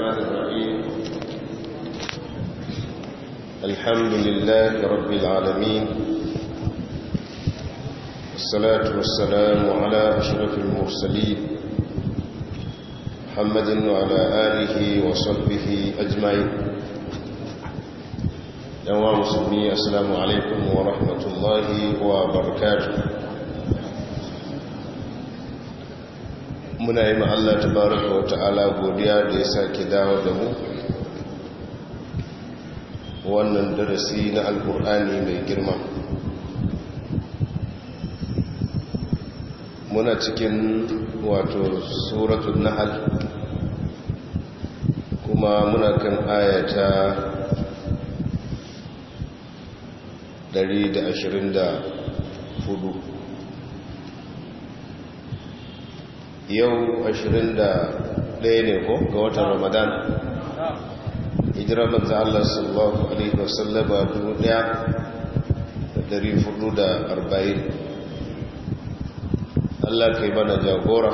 الرحمن الرحيم الحمد لله رب العالمين الصلاة والسلام على أشرف المرسلين محمد وعلى آله وصحبه أجمعين يا مسلمي السلام عليكم ورحمة الله وبركاته muna yi Allah baraka wa ta'ala godiya da ya sake dawo da mu wannan darasi na alkur'ani mai girma muna cikin wato suratun nahal kuma muna kan ayata hudu. yau 21 ne ko ga watan ramadan hijirar manzo Allah sallallahu alaihi wasallama dubu daya da dari fudu da arba'in Allah ka yi mana jagora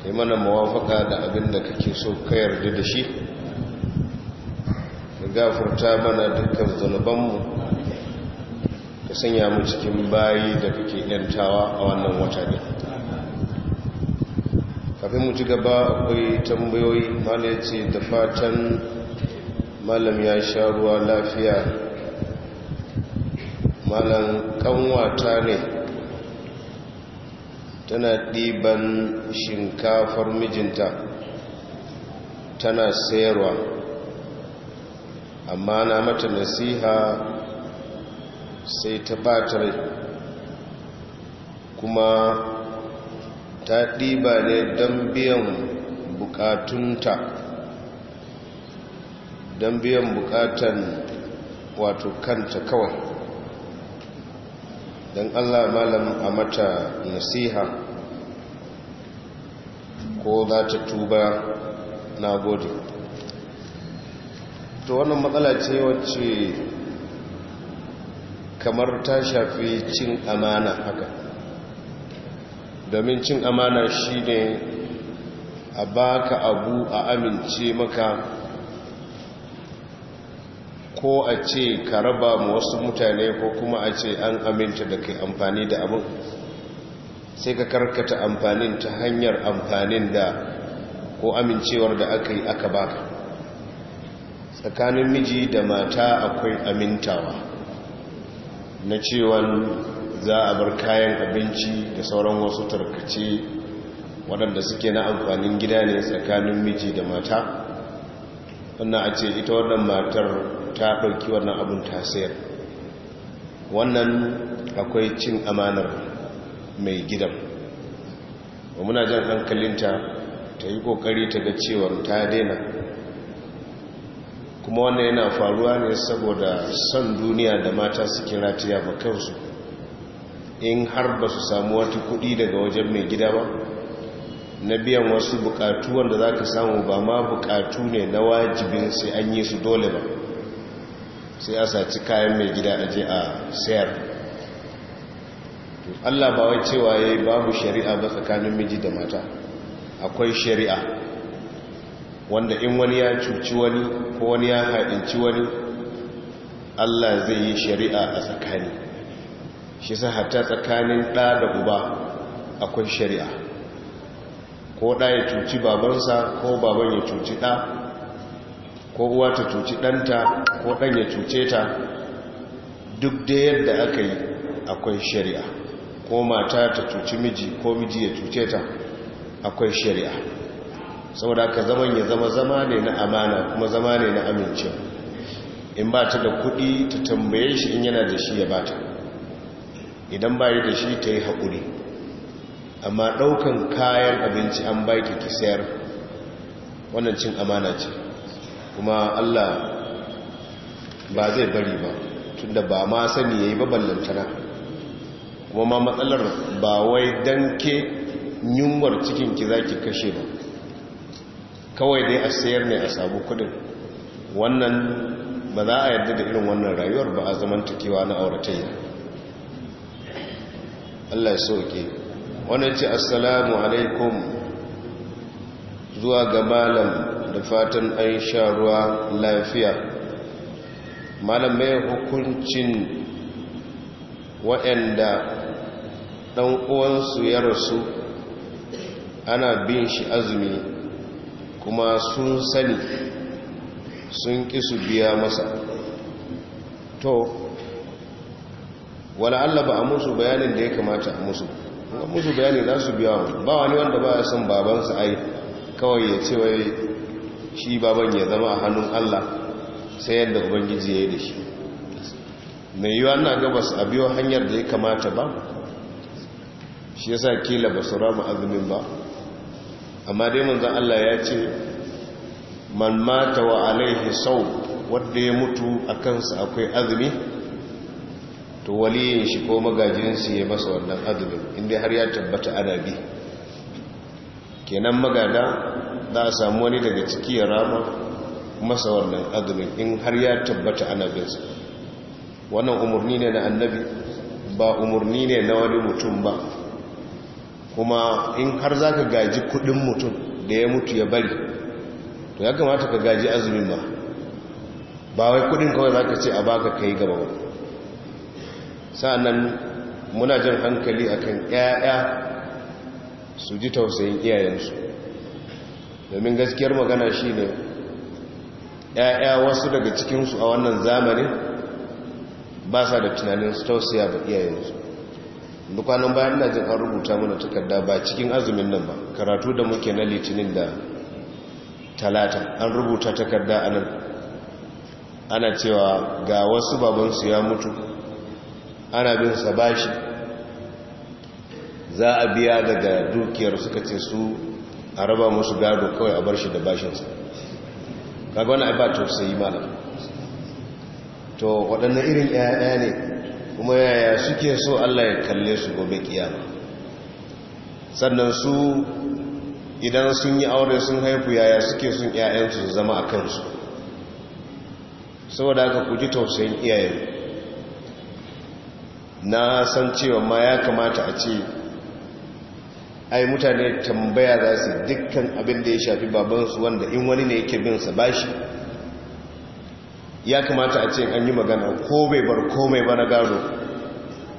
ka yi mana mawafaka da abin da kake so ka yarda da shi ka gafarta mana dukkan zunubanmu ka sanya mu cikin bayi da kake yantawa a wannan wata ne kafin mu ci gaba akwai tambayoyi mala ya ce da fatan malam ya sha ruwa lafiya malam kanwata ne tana ɗiban shinkafar mijinta tana sayarwa amma na mata nasiha sai ta bata kuma ta ɗiba ne don biyan bukatunta don biyan bukatan wato kanta kawai don allah malam a mata nasiha ko za ta tuba na gode to wannan matsala ce wacce kamar ta shafi cin amana haka domin cin amana shi ne a baka abu a amince maka ko a ce ka raba mu wasu mutane ko kuma a ce an aminta da kai amfani da abin sai ka karkata amfanin ta hanyar amfanin da ko amincewar da aka yi aka baka tsakanin miji da mata akwai amintawa na cewa. za a bar kayan abinci da sauran wasu tarkace waɗanda suke na amfanin gida ne tsakanin miji da mata wannan a ce ita wannan matar ta ɗauki wannan abin tasir wannan akwai cin amanar mai gidan ba muna jan hankalinta ta yi ƙoƙari ta ga cewar ta daina kuma wannan yana faruwa ne saboda son duniya da mata suke ratiya ba kansu in har ba su samu wata kuɗi daga wajen mai gida ba na biyan wasu bukatu wanda za ka samu ba ma bukatu ne na wajibin sai an yi su dole ba sai a saci kayan mai gida a je a sayar allah ba wai cewa ya yi babu shari'a ba tsakanin miji da mata akwai shari'a wanda in wani ya cuci wani ko wani ya haɗinci wani allah zai yi shari'a a tsakani shi sa hatta tsakanin ɗa da uba akwai shari'a ko ɗa ya cuci babansa ko baban ya cuci ɗa ko uwa ta cuci ɗanta ko ɗan ya cuce ta duk da yadda aka yi akwai shari'a ko mata ta cuci miji ko miji ya cuce ta akwai shari'a saboda aka zama ya zama zama ne na amana kuma zama ne na amincewa in ba ta da kuɗi ta tambaye shi in yana da shi ya ba ta. idan bayi da shi ta yi haƙuri amma ɗaukan kayan abinci an baki ki sayar wannan cin amana ce kuma allah ba zai bari ba da ba ma sani ya yi baballantana kuma ma matsalar ba wai don ke yunwar cikinki za ki kashe ba kawai dai a sayar ne a sabu kudin wannan ba za a yarda da irin wannan rayuwar ba a zamantakewa na auratayya Allah ya sauke wannan ce assalamu alaikum zuwa ga malam da fatan an sha ruwa lafiya malam mai hukuncin waɗanda ɗan uwansu ya rasu ana bin shi azumi kuma sun sani sun ƙi su biya masa to wala Allah ba a musu bayanin da ya kamata a musu a musu bayanin za su biya ba wani wanda ba ya son babansa ai kawai ya ce wai shi baban ya zama a hannun Allah sai yadda ubangiji ya yi da shi mai yiwa na gabas a biyo hanyar da ya kamata ba shi ya sa kila ba su rama azumin ba amma dai manzan Allah ya ce man mata wa alaihi sau wadda ya mutu a kansa akwai azumi to waliyin shi ko magajinsu ya masa wannan azumin inda har ya tabbata ana bi kenan magada za a samu wani daga ciki ya rama masa wannan azumin in har ya tabbata ana binsa wannan umarni ne na annabi ba umarni ne na wani mutum ba kuma in har za ka gaji kudin mutum da ya mutu ya bari to ya kamata ka gaji azumin ba ba wai kudin kawai za ka ce a baka ka yi gaba ba sa’an muna jan hankali akan ƴaƴa su ji tausayin iyayensu domin gaskiyar magana shi ne ƴaƴa wasu daga cikinsu a wannan zamanin ba sa da tunanin su tausaya ba iyayensu kwanan bayan na jin an rubuta mana takarda ba cikin azumin nan ba karatu da muke na litinin da talata an rubuta takarda a nan ana cewa ga wasu babansu ya mutu ana bin sa bashi za a biya daga dukiyar suka ce su a raba musu gado kawai a bar shi da bashinsa kaga wani ba tausayi malam to waɗannan irin yaya ne kuma yaya suke so Allah ya kalle su gobe kiyama sannan su idan sun yi aure sun haifu yaya suke sun yayansu su zama a kansu saboda haka ku ji tausayin iyayen na san cewa ma ya kamata a ce ai mutane tambaya za su dukkan abin da ya shafi babansu wanda in wani ne yake bin sa bashi ya kamata a ce an yi magana ko bai bar komai ba na gado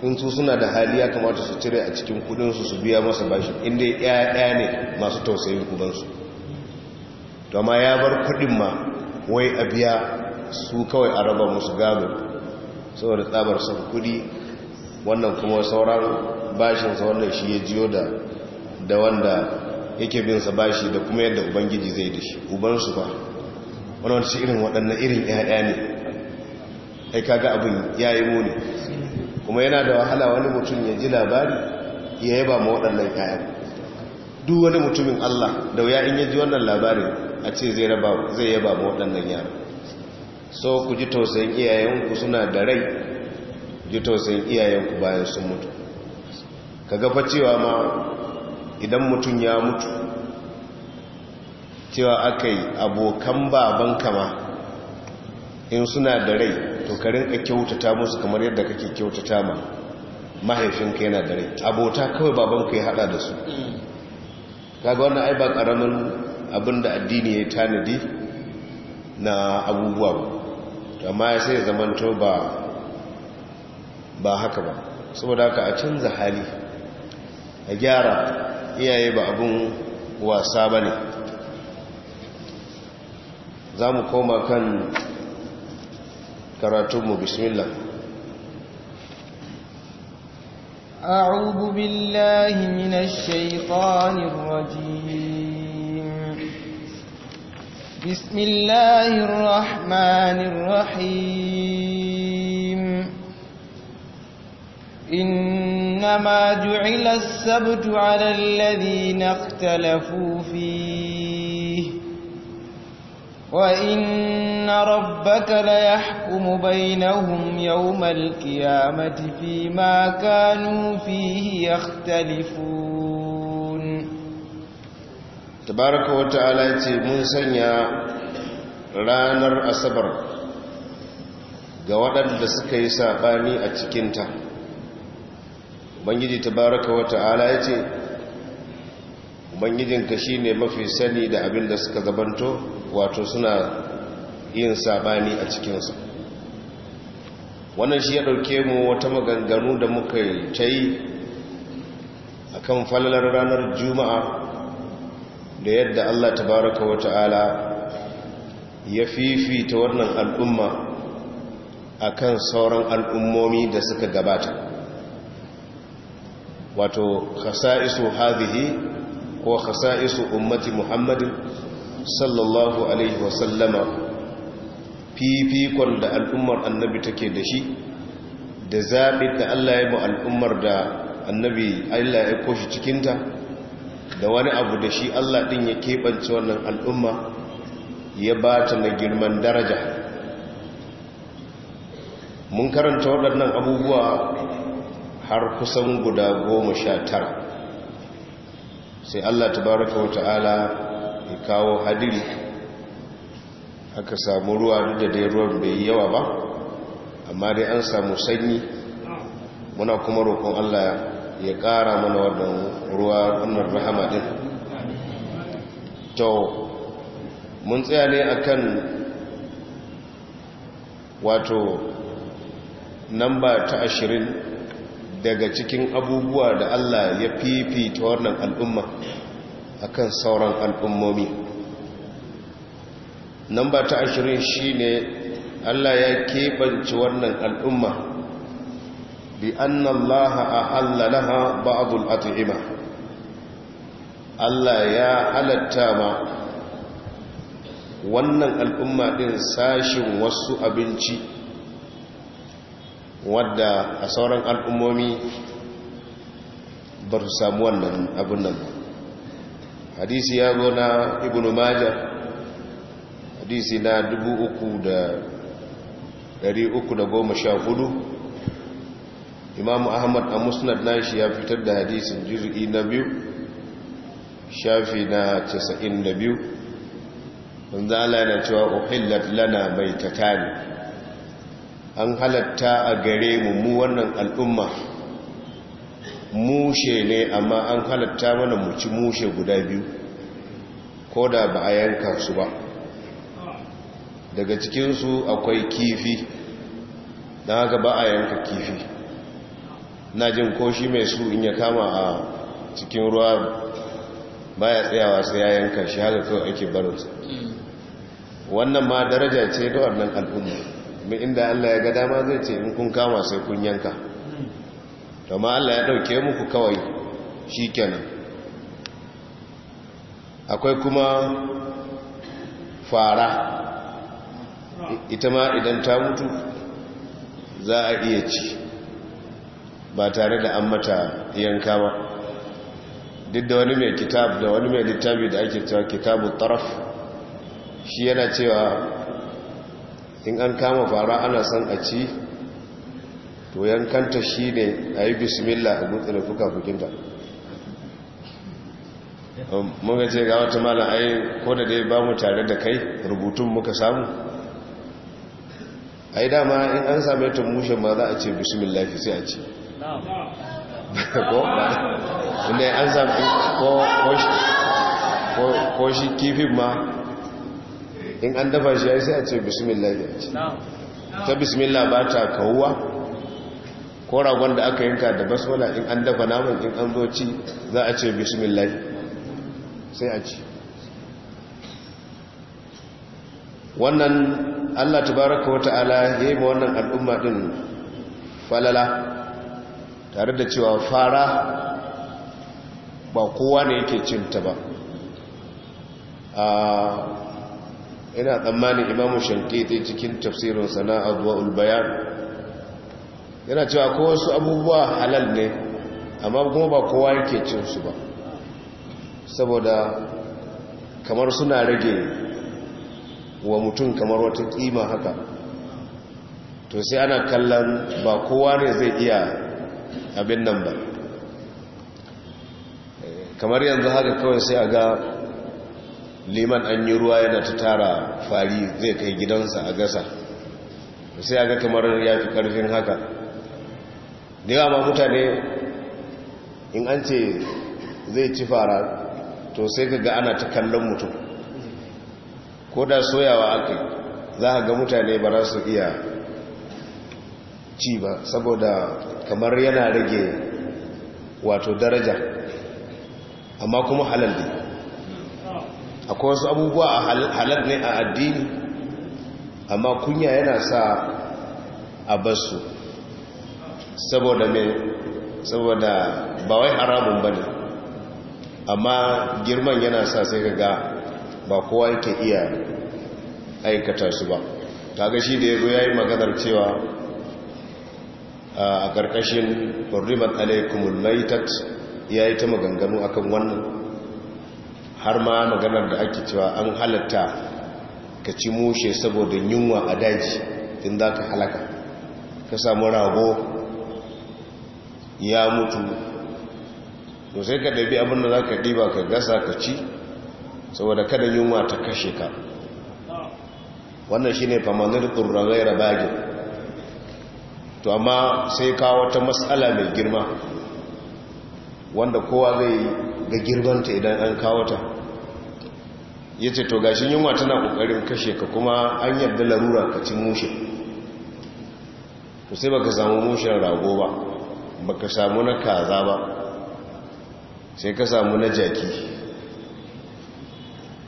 in su suna da hali ya kamata su cire a cikin kudinsu su biya masa bashi inda ya ne masu tausayin kudansu dama ya bar kudin ma wai a biya su kawai a raba musu gado saboda tsabar sa kudi wannan kuma sauran bashinsa wannan shi ya jiyo da da wanda yake binsa bashi da kuma yadda ubangiji zai da shi ubansu ba wani shi irin waɗannan irin ya'ya ne ai kaga abin ya yi muni kuma yana da wahala wani mutum ya ji labari ya yaba ma waɗannan kayan duk wani mutumin allah da wuya in ya ji wannan labarin a ce zai yaba ma waɗannan yara so ku ji tausayin iyayenku suna da rai ji tausayin iyayenku bayan sun mutu ka gafa cewa ma idan mutum ya mutu cewa aka yi abokan baban kama in suna da rai to ka kyautata musu kamar yadda kake kyautata ma mahaifinka yana da rai abota kawai baban ka yi hada da su kaga wannan ai ba karamin abin da addini ya tanadi na abubuwa ba amma sai zamanto ba ba haka ba saboda haka a canza hali a gyara iyaye ba abun wasa ba ne za mu koma kan karatunmu bismillah أعوذ بالله من الشيطان الرجيم بسم الله الرحمن الرحيم إنما جعل السبت على الذين اختلفوا فيه وإن ربك ليحكم بينهم يوم القيامة فيما كانوا فيه يختلفون تبارك وتعالى من سنة رانر أسبر ga waɗanda suka yi saɓani a cikinta ubangiji tabaraka wa ta'ala ya ce ubangijinka shi ne mafi sani da abin da suka zabanto wato suna yin sabani a cikinsu wannan shi ya ɗauke mu wata maganganu da muka ta yi a kan falalar ranar juma'a da yadda allah tabaraka wa ta'ala ya fifita wannan al'umma a kan sauran al'ummomi da suka gabata wato khasa'isu hadhihi ko khasa'isu ummati muhammadin sallallahu alaihi wa wasallama fifikon da al'ummar annabi take da shi da zaɓi da Allah ya mu al'ummar da annabi Allah ya koshi cikinta da wani abu da shi Allah ɗin ya keɓance wannan al'umma ya ba ta na girman daraja mun karanta waɗannan abubuwa har kusan guda goma sha tara sai allah tabaraka wa ta'ala ya kawo hadiri aka samu ruwa duk da dai ruwan bai yawa ba amma dai an samu sanyi muna kuma roƙon allah ya ƙara mana wannan ruwa wannan rahama ɗin to mun tsaya ne akan wato namba ta ashirin daga cikin abubuwa da Allah ya fifita wannan al'umma akan sauran al'ummomi nan ba ta ashirin shi ne Allah ya keɓance wannan al'umma bi annallaha a hallalaha ba'adul at'ima Allah ya halatta ma wannan al'umma ɗin sashin wasu abinci wadda a sauran al'ummomi ba su samu wannan abin nan hadisi ya zo na ibn majah hadisi na 3,314 imamu ahmad a musnad na shi ya fitar da hadisin juri na biyu shafi na 92 wanzu ala yana cewa uhillat lana mai tatani an halatta a gare mu mu wannan al'umma mushe ne amma an halatta mana mu ci mushe guda biyu ko da ba a yanka su ba daga cikinsu akwai kifi na haka ba a yanka kifi na jin koshi mai su in ya kama a cikin ruwa ba ya tsayawa sai ya yanka shi haka kawai ake barinsa wannan ma daraja ce ga wannan al'umma mai inda Allah ya ga dama zai ce in kun kama sai kun yanka domin Allah ya ɗauke muku kawai shi kenan akwai kuma fara ita ma idan ta mutu za a iya ci ba tare da an mata yanka ba duk da wani mai kitab da wani mai littafi da ake cewa kitabu taraf shi yana cewa in an kama fara ana son a ci to yankanta shi ne a yi bismillah a gutsu da fuka fukinta um, muka ce ga wata mala ai ko da dai ba mu tare da kai rubutun muka samu ai dama in an same ta mushe ma za a ce bismillah sai a ce an ko shi kifin ma in an dafa shi ya sai a ce bismillah ya ce ta bismillah ba ta kawuwa ko ragon da aka yanka da basmala in an dafa naman in an zo ci za a ce bismillah sai a ci wannan allah tabaraka wa ta'ala ya yi ma wannan al'umma din falala tare da cewa fara ba kowa ne yake cinta ba ah, ina tsammanin imamu ta cikin tafsirin sana'a zuwa ulbayan yana cewa ko wasu abubuwa halal ne amma kuma ba kowa yake cin su ba saboda kamar suna rage wa mutum kamar wata kima haka to sai ana kallon ba kowa ne zai iya abin nan ba kamar yanzu haka kawai sai a ga liman an yi ruwa yana ta tara fari zai kai gidansa a gasa sai aga kamar ya fi karfin haka da yawa ma mutane in an ce zai ci fara to sai ka ga ana ta kallon mutum ko da soyawa aka za a ga mutane ba za su iya ci ba saboda kamar yana rage wato daraja amma kuma halal ne akwai wasu abubuwa a halar ne a addini amma kunya yana sa a basu saboda mai saboda ba haramun ba amma girman yana sa sai ka ga ba kowa yake iya aikata su ba ga shi da ya zo ya yi maganar cewa ah, a ƙarƙashin ƙurrimat alaikumul maitat ya yi ta maganganu akan wannan har ma maganar da ake cewa an halatta ka ci mushe saboda yunwa a daji din za ka halaka ka samu rago ya mutu to sai ka ɗabi abinda za ka ɗiba ka gasa ka ci saboda kada yunwa ta kashe ka wannan shi ne famanin turragai rabagin to amma sai kawo wata matsala mai girma wanda kowa zai ga girmanta idan an kawo ya ce to gashin yunwa tana kokarin kashe ka kuma an yadda larura ka ci mushe to sai baka samu mushen rago ba ka samu na kaza ba sai ka samu na jaki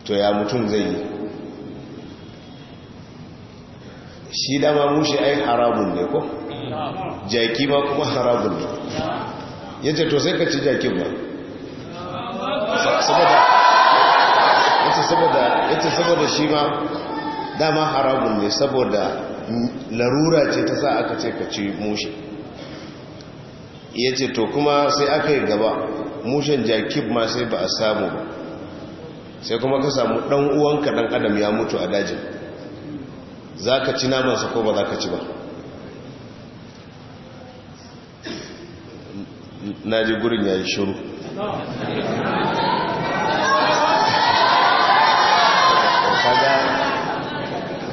to ya mutum zai yi shi dama mushe ai harabun ne ko jaki ba kuma harabun ne ya ce to sai ka ci jakin ba saboda ita saboda shi ma dama haramun ne saboda larura ce ta sa aka ce ka ci mushi ce to kuma sai aka yi gaba mushen jakib ma sai ba a samu ba sai kuma ka samu dan uwanka dan adam ya mutu a dajin za ka ci namansa ko ba za ka ci ba na ji gurin ya yi shuru.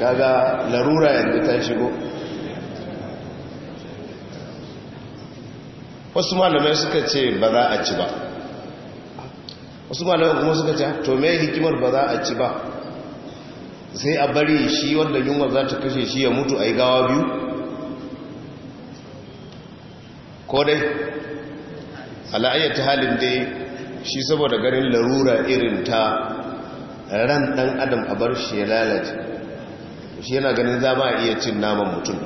kaga larura yanzu ta shigo wasu malamai suka ce ba za a ci ba wasu malamai kuma suka ce to me hikimar ba za a ci ba sai a bari shi wanda yunwa za ta kashe shi ya mutu a yi gawa biyu ko dai ala'ayyata halin dai shi saboda garin larura irin ta ran dan adam a bar shi ya lalace shi yana ganin za ba iya cin naman mutum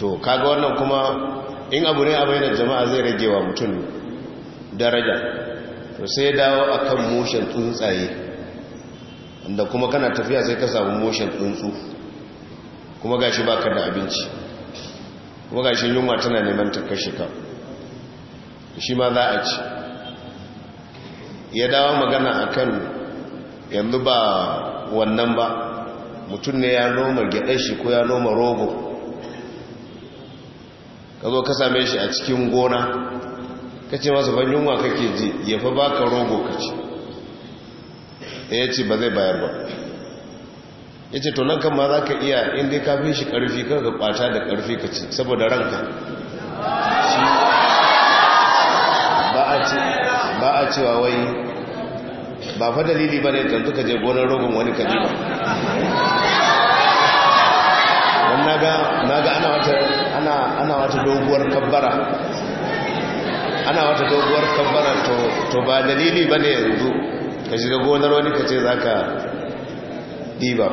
to kaga wannan kuma in abu ne a bayanar jama'a zai rage wa mutum daraja to sai dawo akan motion tsuntsaye da kuma kana tafiya sai ka samu motion tsuntsu kuma gashi baka da abinci kuma gashi yunwa tana neman ta ka shi ma za a ci ya dawo magana akan yanzu ba wannan ba mutum ne ya noma gyaɗe shi ko ya noma rogo ka zo ka same shi a cikin gona ka ce masa ban yunwa kake ji ya fa baka rogo ka ce eh, ya ce ba zai bayar ba ya ce tonon kan ma za ka iya inda ka fi shi ƙarfi kan ka da ƙarfi ka ce saboda ranka ba a cewa wai ba fa dalili ba ne tantu ka je gonar rogon wani kaji ba don naga ana wata doguwar kabbara ana wata doguwar kabbara to ba dalili ba ne yanzu ka shiga gonar wani kaji za ka diba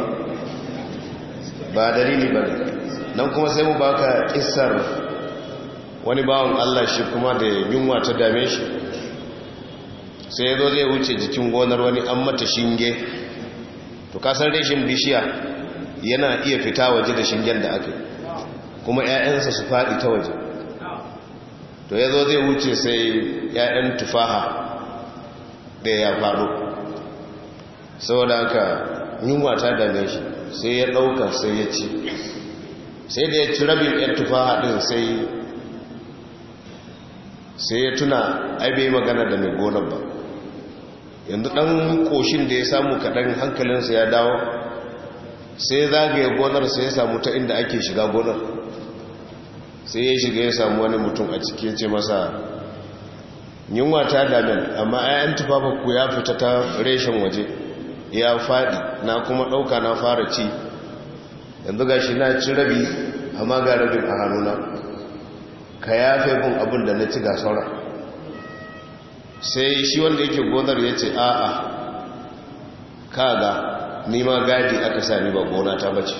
ba dalili ba ne nan kuma sai mu baka isar wani bawon allah shi kuma da yunwa ta dame shi sai ya zo zai wuce jikin gonar wani an mata shinge to kasar reshin bishiya yana iya fita waje da shingen da aka kuma 'ya'yansa su faɗi ta waje to ya zo zai wuce sai 'ya'yan tufaha da ya faɗo saboda haka yunwa ta dame shi sai ya ɗauka sai ya ci sai da ya ci rabin 'yan tufaha ɗin sai ya tuna ai bai magana da mai gonar ba yanzu ɗan ƙoshin da ya samu kaɗan hankalinsa ya dawo sai zagaye gonar sai ya samu ta inda ake shiga gonar sai ya shiga ya samu wani mutum a cikin ce masa yunwa ta damar amma ayan tufafa ku ya fita ta reshen waje ya faɗi na kuma ɗauka na fara ci yanzu ga shi na ci rabi amma ga rabin a hannuna ka yafe bin abin da na ci ga sauran sai shi wanda yake gonar ya ce a'a kaga nima gadi aka sami ba gona ta bace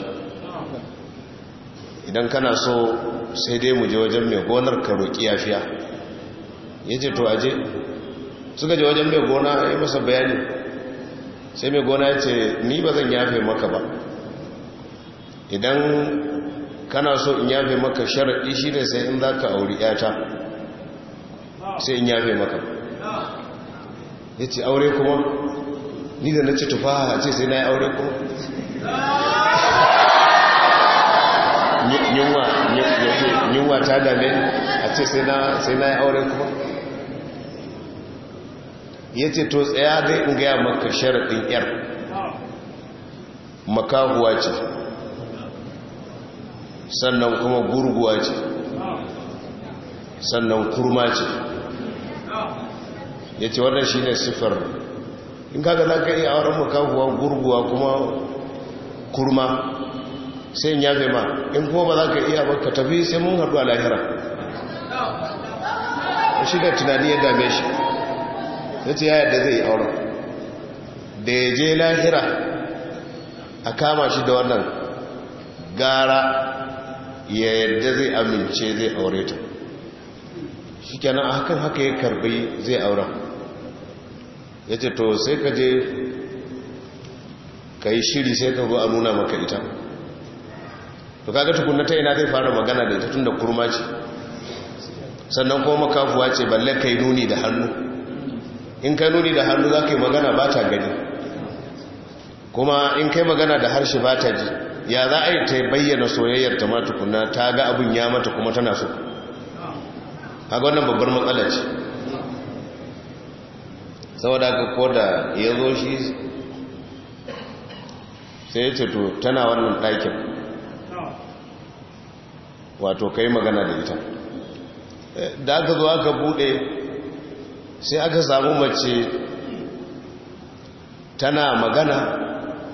idan kana so sai dai mu je wajen mai gonar ka roƙi yafiya ya ce to aje suka je wajen mai gona ya masa bayani sai mai gona ya ce ni ba zan yafe maka ba idan kana so in yafe maka sharaɗi shi ne sai in za ka auri 'yata sai in yafe maka ya ce aure kuma ni da na tufa a ce sai na yi aure kuma yunwa ta dame a ce sai na yi aure kuma ya ce to tsaya dai in gaya maka sharaɗin yar makahuwa ce sannan kuma gurguwa ce sannan kurma ce ya ce wannan shi ne siffar in kaga za ka iya auren makahuwa gurguwa kuma kurma sai in yafe ma in kuma ba za ka iya baka tafi sai mun haɗu a lahira shi da tunani ya dame shi ya ce ya yadda zai auren da ya je lahira a kama shi da wannan gara ya yadda zai amince zai aure ta shi kenan a hakan haka ya karbi zai auren ya ce to sai ka je ka yi shiri sai ka zo a nuna maka ita to kaga tukunna ta ina zai fara magana da ita tun da kurma ce sannan kuma makafuwa ce balle ka yi nuni da hannu in ka nuni da hannu za ka yi magana ba ta gani kuma in kai magana da harshe ba ta ji ya za a yi ta bayyana soyayyar ta ma tukunna ta ga abin ya mata kuma tana so a wannan babbar matsala ce saboda ka koda ya zo shi sai ya ce tana wannan ɗakin wato kai magana da ita da aka zo aka buɗe sai aka samu mace tana magana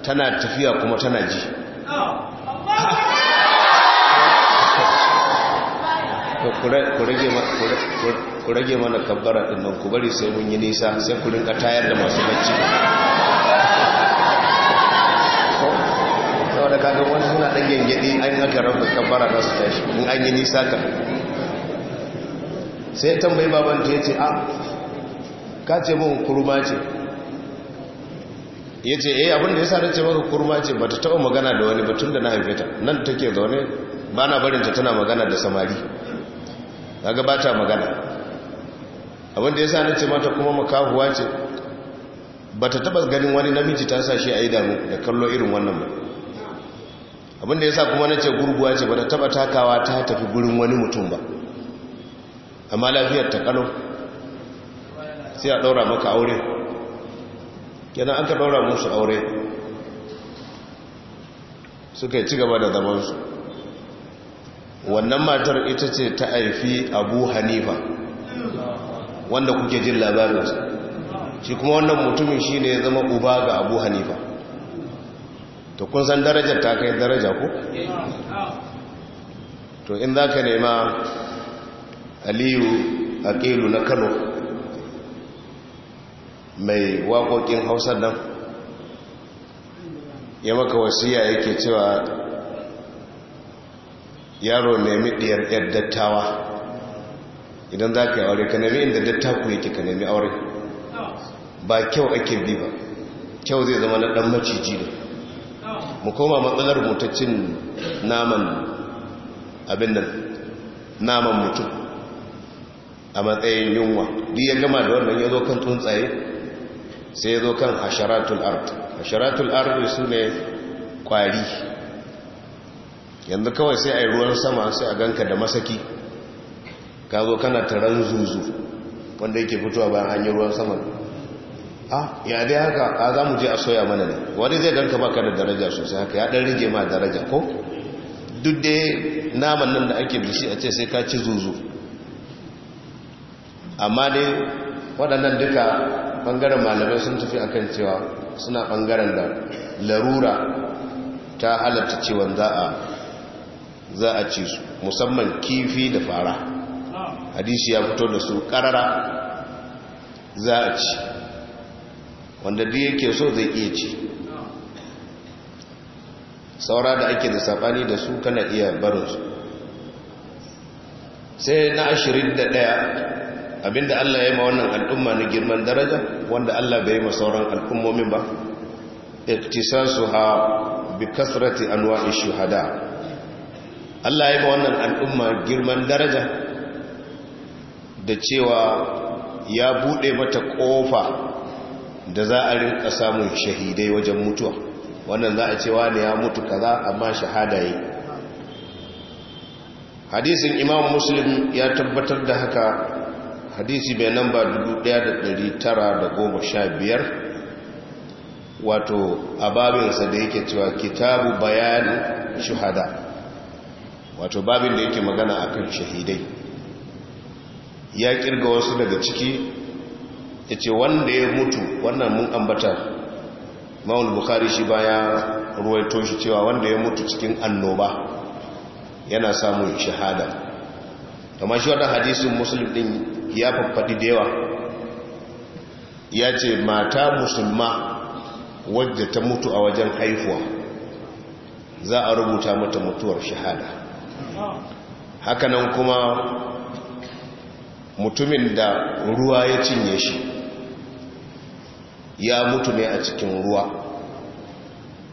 tana tafiya kuma tana ji ku ku rage mana kabbara din nan ku bari sai mun yi nisa sai ku rinka tayar da masu bacci saboda kaga wani suna dan gengedi an aka rabu kabbara na su tashi in an yi nisa ka sai tambayi baban ta yace a ka ce mun kurma ce yace eh abin ya sa na ce maka kurma ce ba ta magana da wani batun da na haife ta nan take zaune ba na barinta tana magana da samari kaga ba ta magana abinda ya sa na ce mata kuma makahuwa ce ba ta taba ganin wani namiji ta sa shi a yi damu da kallo irin wannan ba abinda ya sa kuma na ce gurguwa ce ba ta taba takawa ta tafi gurin wani mutum ba amma lafiyar ta kano sai a ɗaura maka aure yana an ka ɗaura musu aure suka yi cigaba da zamansu wannan matar ita ce ta haifi abu hanifa wanda kuke jin labarinsa shi kuma wannan mutumin shi ne ya zama uba ga abu hanifa to kun san darajar ta kai daraja ku? to in za ka nema aliyu a ƙilu na kano mai waƙoƙin hausar nan ya maka wasiya yake cewa yaro nemi ɗiyar 'yar dattawa idan za ka yi aure ka nemi inda dattaku yake ka nemi aure ba kyau ake bi ba kyau zai zama na dan maciji ne mu koma matsalar mutaccin naman abin nan naman mutum a matsayin yunwa duk ya gama da wannan ya zo kan tsuntsaye sai ya zo kan hasharatul ard hasharatul ard su ne kwari yanzu kawai sai a yi ruwan sama sai a ganka da masaki ka zo kana taron zuzu wanda yake fitowa bayan hanyar ruwan saman a ya dai haka a za mu je a soya mana ne wani zai danka baka da daraja sosai haka ya dan rige ma daraja ko duk da naman nan da ake bishi a ce sai ka ci zuzu amma dai waɗannan duka ɓangaren malamai sun tafi a kan cewa suna ɓangaren da larura ta halatta cewa za a ci su musamman kifi da fara hadisi ya fito da su karara za a ci wanda da yake so zai iya ci saura da ake da sabani da su kana iya barinsu sai na ashirin da ɗaya abinda Allah ya yi ma wannan al'umma na girman daraja wanda Allah bai yi ma sauran al'ummomin ba ha bi kasrati anwa'i shuhada Allah ya yi ma wannan al'umma girman daraja da cewa ya bude mata kofa da za a rinka samun shahidai wajen mutuwa wannan za a cewa ne ya mutu kaza amma shahada yi hadisin imam muslim ya tabbatar da haka hadisi mai namba 1915 wato ababinsa da yake cewa kitabu bayan shahada. wato babin da yake magana akan shahidai ya kirga wasu daga ciki ya ce wanda ya mutu wannan mun ambata ma'ul bukari shi baya ruwaito toshi cewa wanda ya mutu cikin annoba yana samun shahada amma shi wata hadisin musulun din ya faffaɗi da yawa ya ce mata musulma wadda ta mutu a wajen haifuwa za a rubuta mata mutuwar shahada hakanan kuma mutumin da ruwa ya cinye shi ya mutu ne a cikin ruwa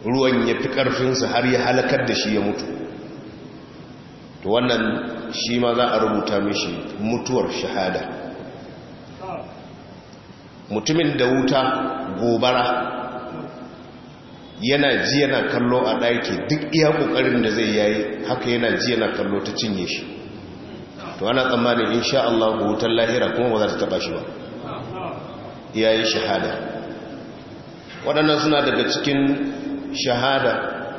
ruwan ya fi ƙarfinsa har ya halakar da shi ya mutu to wannan shi ma za a rubuta mishi mutuwar shahada mutumin da wuta gobara yana ji yana kallo a ɗaki duk iya ƙoƙarin da zai yayi haka yana ji yana kallo ta cinye shi to ana tsammanin insha Allah ku wutar lahira kuma ba za ta taba shi ba yi shahada waɗannan suna daga cikin shahada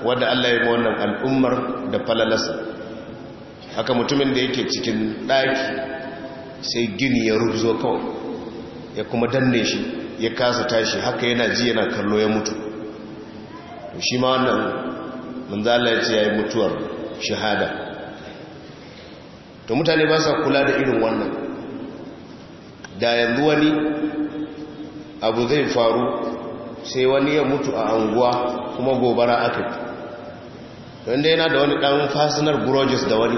wadda Allah ya yi wannan al'ummar da falalasa haka mutumin da yake cikin ɗaki sai gini ya zo kawai ya kuma danne shi ya kasa tashi haka yana ji yana kallo ya mutu shi ma wannan manzala ya ce ya yi mutuwar shahada to mutane ba sa kula da irin wannan da yanzu wani abu zai faru sai wani ya mutu a anguwa kuma gobara aka wanda yana da wani ɗan fasinar gurojis da wani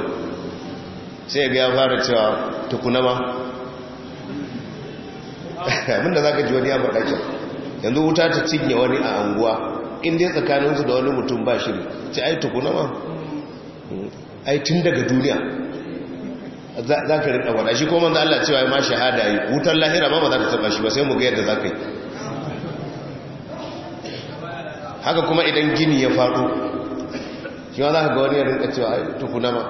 sai ga ya fara cewa tukuna ma abinda za ka ji wani ya faɗa yanzu wuta ta cinye wani a anguwa inda ya tsakaninsu da wani mutum ba shiri ce ai tukuna ma ai tun daga duniya za ka riƙa wada shi ko Allah cewa ma shahada yi wutar lahira ma ba za ta taɓa shi ba sai mu ga yadda za ka yi haka kuma idan gini ya faru shi ma za ka ga wani ya rinka cewa tukuna ma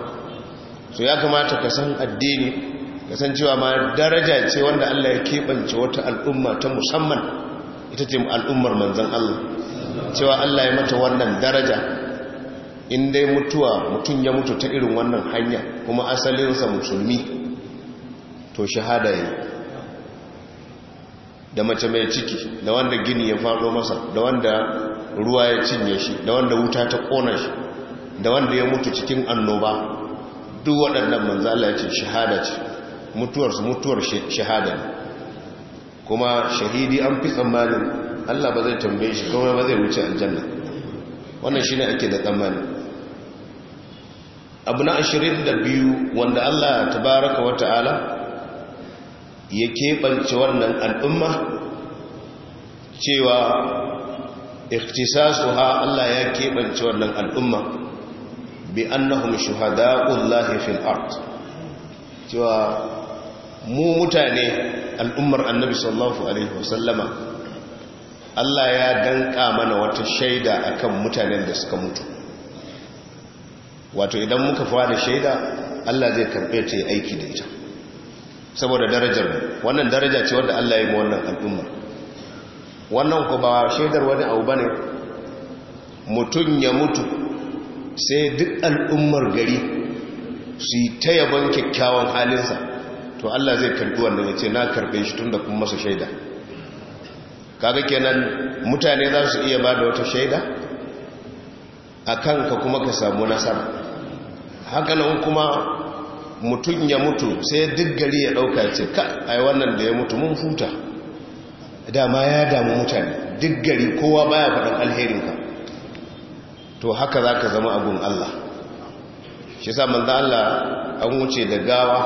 so ya kamata ka san addini ka san cewa ma daraja ce wanda Allah ya keɓance wata al'umma ta musamman ita ce al'ummar manzan Allah cewa Allah ya mata wannan daraja in dai mutuwa mutum ya mutu ta irin wannan hanya kuma asalinsa musulmi to shahada yi da mace mai ciki da wanda gini ya faɗo masa da wanda ruwa ya cinye shi da wanda wuta ta ƙona shi da wanda ya mutu cikin annoba duk waɗannan manzala ya ce shahada ce mutuwarsu mutuwar shahada ne kuma shahidi an fi tsammanin allah ba zai tambaye shi kuma ba zai wuce aljanna wannan shi ne ake da tsammani abu na ashirin da biyu wanda allah tabaraka ta'ala ya keɓance wannan al'umma cewa iktisasu ha allah ya keɓance wannan al'umma bi annahum shuhada'ullahi fil ard cewa mu mutane al'ummar annabi sallallahu alaihi wasallama Allah ya danka mana wata shaida akan mutanen da suka mutu wato idan muka fara shaida Allah zai karbe ta aiki da ita saboda darajar wannan daraja ce wanda Allah ya yi wannan al'umma wannan ku ba shaidar wani abu bane mutum ya mutu sai duk al'ummar gari su yi ta yabon kyakkyawan halinsa to Allah zai karbi wannan ya ce na karbe shi tun da kuma masa shaida kaga kenan mutane za su iya ba da wata shaida a kanka kuma ka samu nasara hakanan kuma mutum ya mutu sai duk gari ya ɗauka ce ka ai wannan da ya mutu mun huta dama ya damu mutane duk gari kowa baya faɗin alherinka to haka za ka zama abun Allah shi sa manzan Allah an wuce da gawa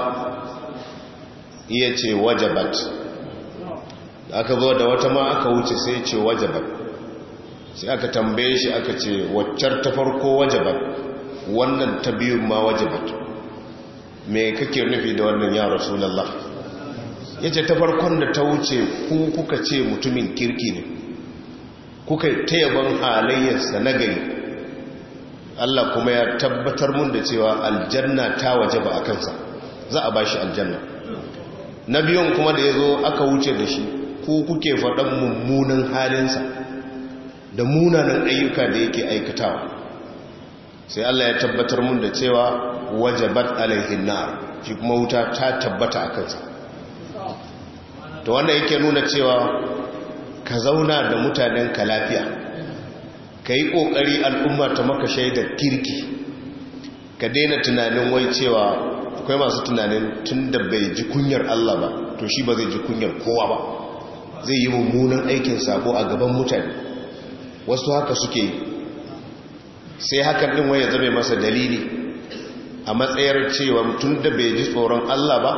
iya ce wajabat da aka zo da wata ma aka wuce sai ce wajabar sai aka tambaye shi aka ce waccar ta farko wajabar wannan ta biyun ma wajabar me kake nufi da wannan ya rasulallah ya ce ta farkon da ta wuce ku kuka ce mutumin kirki ne kuka ta yaban halayyarsa na gari Allah kuma ya tabbatar mun da cewa aljanna ta waje ba a kansa za a ba shi aljanna na biyun kuma da ya zo aka wuce da shi ko kuke faɗan mummunan halinsa da munanan ayyuka da yake aikatawa sai Allah ya tabbatar mun da cewa wajabat alaihin nar shi kuma wuta ta tabbata a kansa to wanda yake nuna cewa ka zauna da mutanen ka lafiya ka yi ƙoƙari al'umma ta maka shaidar kirki ka daina tunanin wai cewa akwai masu tunanin tun da bai ji kunyar Allah ba to shi ba zai ji kunyar kowa ba zai yi mummunan aikin sabo a gaban mutane wasu haka suke yi sai hakan ɗin waye ya masa dalili a matsayar cewa tun da bai ji tsoron Allah ba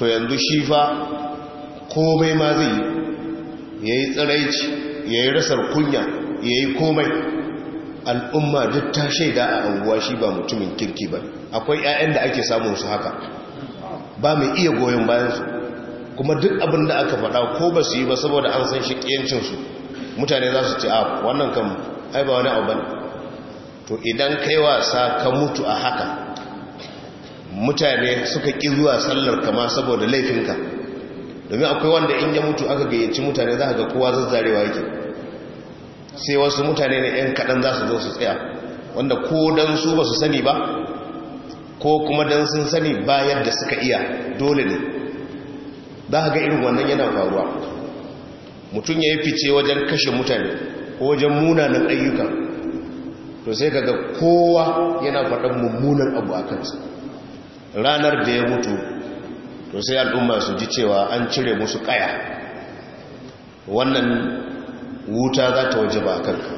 to yanzu shi fa komai ma zai yi ya yi tsiraici ya yi rasar kunya ya yi komai al'umma duk ta shaida a anguwa shi ba mutumin kirki ba akwai 'ya'yan da ake samun su haka ba mai iya goyon bayansu kuma duk abin da aka faɗa ko ba su yi ba saboda an san shi ƙiyancinsu mutane za su ce a ah, wannan kan ai ba wani abu ba to idan kai wasa ka mutu a haka mutane suka ƙi zuwa sallar kama saboda laifinka domin akwai wanda in ya mutu aka gayyaci mutane za ga kowa zazzarewa yake sai wasu mutane ne 'yan kaɗan za su zo su tsaya wanda ko don su ba su sani ba ko kuma don sun sani bayan da suka iya dole ne za a ga irin wannan yana faruwa mutum ya yi fice wajen kashe mutane ko wajen munanan ayyuka to sai ga kowa yana faɗan mummunan abu a kansa ranar da ya mutu to sai al'umma su ji cewa an cire musu ƙaya wannan wuta za ta waje ba a kanka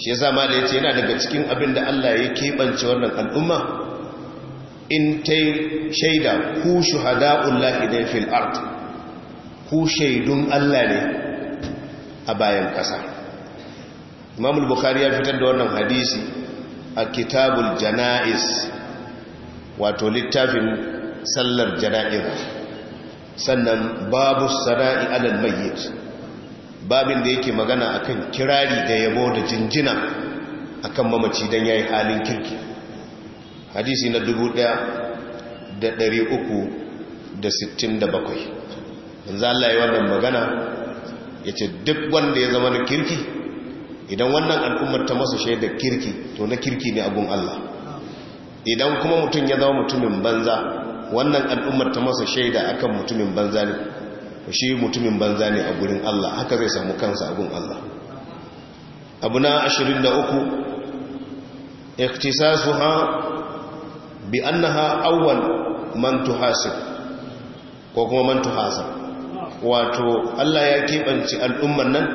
shi ya sama da ya ce yana daga cikin abin da allah ya keɓance wannan al'umma in ta shaida ku shuhada'ullahi ne fil art ku shaidun Allah ne a bayan ƙasa imam bukhari ya fitar da wannan hadisi a kitabul jana'is wato littafin sallar jana'ir sannan babu sana'i alal mayyit babin da yake magana akan kirari da yabo da jinjina akan mamaci dan yayi halin kirki hadisi na dubu da da sittin 1367 yanzu Allah ya wannan magana ya ce duk wanda ya zama na kirki idan wannan al'ummar ta masa shaida kirki to na kirki ne abun Allah idan kuma mutum ya zama mutumin banza wannan al'ummar ta masa shaida akan mutumin banza ne shi mutumin banza ne a gurin Allah haka zai samu kansa abun Allah abu na 23 ha bi annaha awwal man tuhasib ko kuma man tuhasab wato Allah ya keɓanci al'umman nan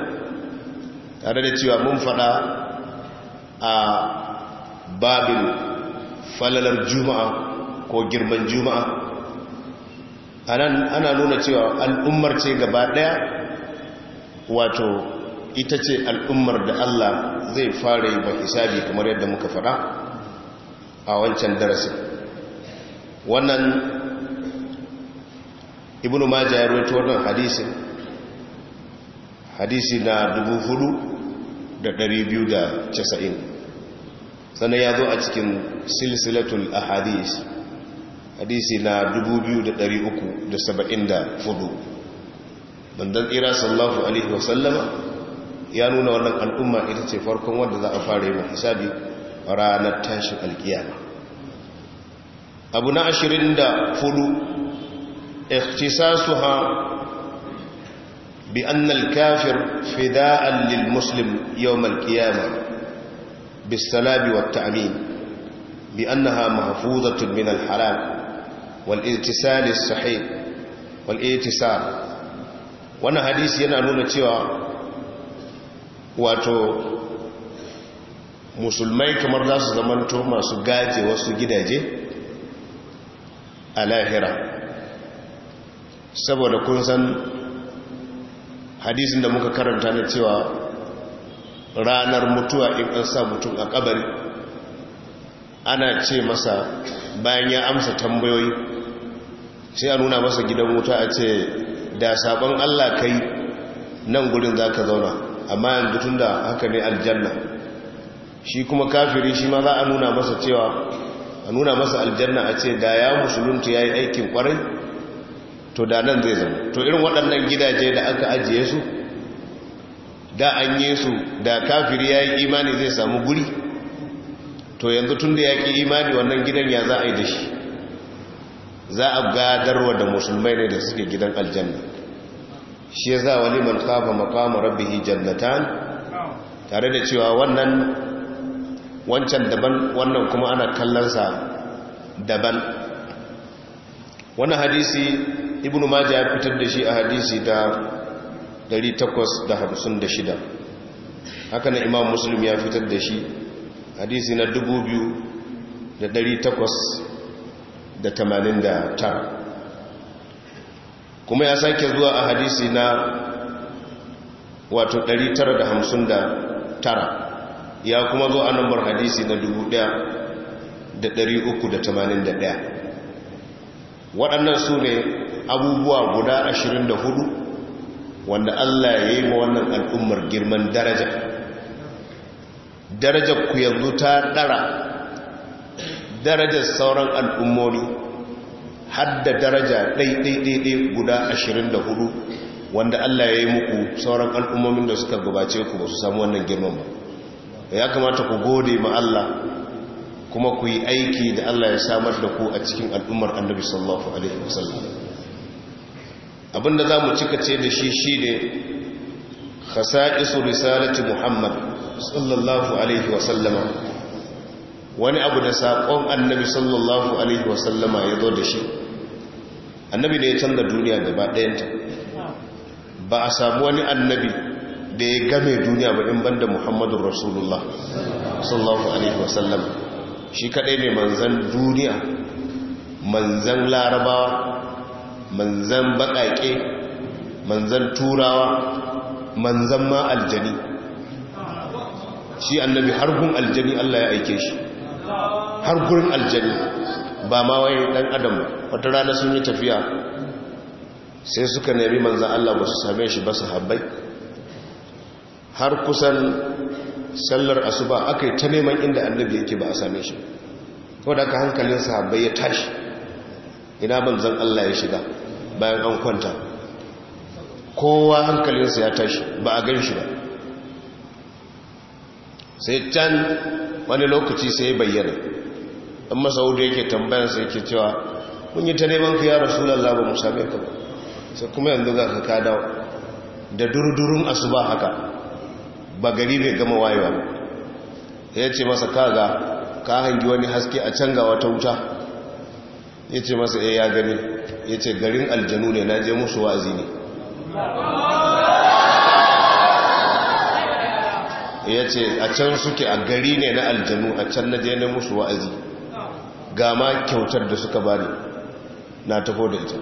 tare da cewa mun faɗa a babin falalar juma'a ko girman juma'a anan ana nuna cewa al'ummar ce gaba ɗaya wato ita ce al'ummar da Allah zai fara yi ba hisabi kamar yadda muka faɗa a wancan darasin wannan ibn majah ya rawaito wannan hadisi hadisi na 4290 sannan ya zo a cikin silsilatul ahadith hadisi na 2374 bandan ira sallallahu alaihi wasallama ya nuna wannan al'umma ita ce farkon wanda za a fara yi hisabi ranar tashin alkiyama abu na ashirin da fudu ikhtisasuha bi annal kafir fida'an lil muslim yawm alkiyama bis salabi wat ta'min bi annaha mahfuzatun min al haram wal ittisal as sahih wal ittisal wannan hadisi yana nuna cewa wato musulmai kamar za su zamanto masu gaje wasu gidaje a lahira saboda kun san hadisin da muka karanta na cewa ranar mutuwa in an sa mutum a kabari ana ce masa bayan ya amsa tambayoyi sai a nuna masa gidan wuta a ce da sabon allah kai nan gudun za ka zauna amma yanzu tun da haka ne aljanna shi kuma kafiri shi ma za a nuna masa cewa a nuna masa aljanna a ce da ya musulunta ya yi aikin kwarai to da nan zai zama to irin waɗannan gidaje da aka ajiye su da an yi su da kafiri ya yi imani zai samu guri to yanzu tun da ya ƙi imani wannan gidan ya za a yi da shi za a gadarwa da musulmai ne da suke gidan aljanna shi ya za wani man kafa rabbi jannatan tare da cewa wannan wancan daban wannan kuma ana kallonsa daban wannan hadisi ibn majah ya fitar da shi a hadisi da 856 haka na imam muslim ya fitar da shi hadisi na 2889 kuma ya sake zuwa a hadisi na wato 959 ya kuma zo a nambar hadisi na 1381 waɗannan su ne abubuwa guda 24 wanda Allah ya yi ma wannan al'ummar girman daraja darajar ku yanzu ta ɗara darajar sauran al'ummori hadda daraja ɗaiɗaiɗaiɗai guda 24 wanda Allah ya yi muku sauran al'ummomin da suka gabace ku ba su samu wannan girman ba ya kamata ku gode ma Allah kuma ku yi aiki da Allah ya samar da ku a cikin al'ummar annabi sallallahu alaihi wasallam abinda za mu cika ce da shi shi ne khasa'isu risalati muhammad sallallahu alaihi wasallam wani abu da saƙon annabi sallallahu alaihi wasallam ya zo da shi annabi ne ya canza duniya gaba ɗayanta ba a samu wani annabi da ya game duniya ba in banda muhammadun rasulullah sallallahu alaihi wasallam shi kadai ne manzan duniya manzan larabawa manzan baƙaƙe manzan turawa manzan ma aljani shi annabi har gun aljani Allah ya aike shi har gurin aljani ba ma waye dan adam wata rana sun yi tafiya sai suka nemi manzan Allah ba su same shi ba su habbai har kusan sallar asuba aka yi ta neman inda annabi yake ba a same shi wadda aka hankalin sahabbai ya tashi ina banzan Allah ya shiga bayan an kwanta kowa hankalinsa ya tashi ba a gan shi ba sai can wani lokaci sai bayyana an masaudu yake tambayansa yake cewa kun yi ta neman ka ya rasulallah ba mu same ka ba sai kuma yanzu ga ka kada da durdurun asuba haka ba gari bai gama wayewa ya ce masa kaga ka hangi wani haske a can wata wuta ya ce masa eh, ya gani ya ce garin aljanu ne na je musu wa'azi ne ya ce a can suke a gari ne na aljanu a can na je na musu wa'azi ga ma kyautar da suka bani na taho da ita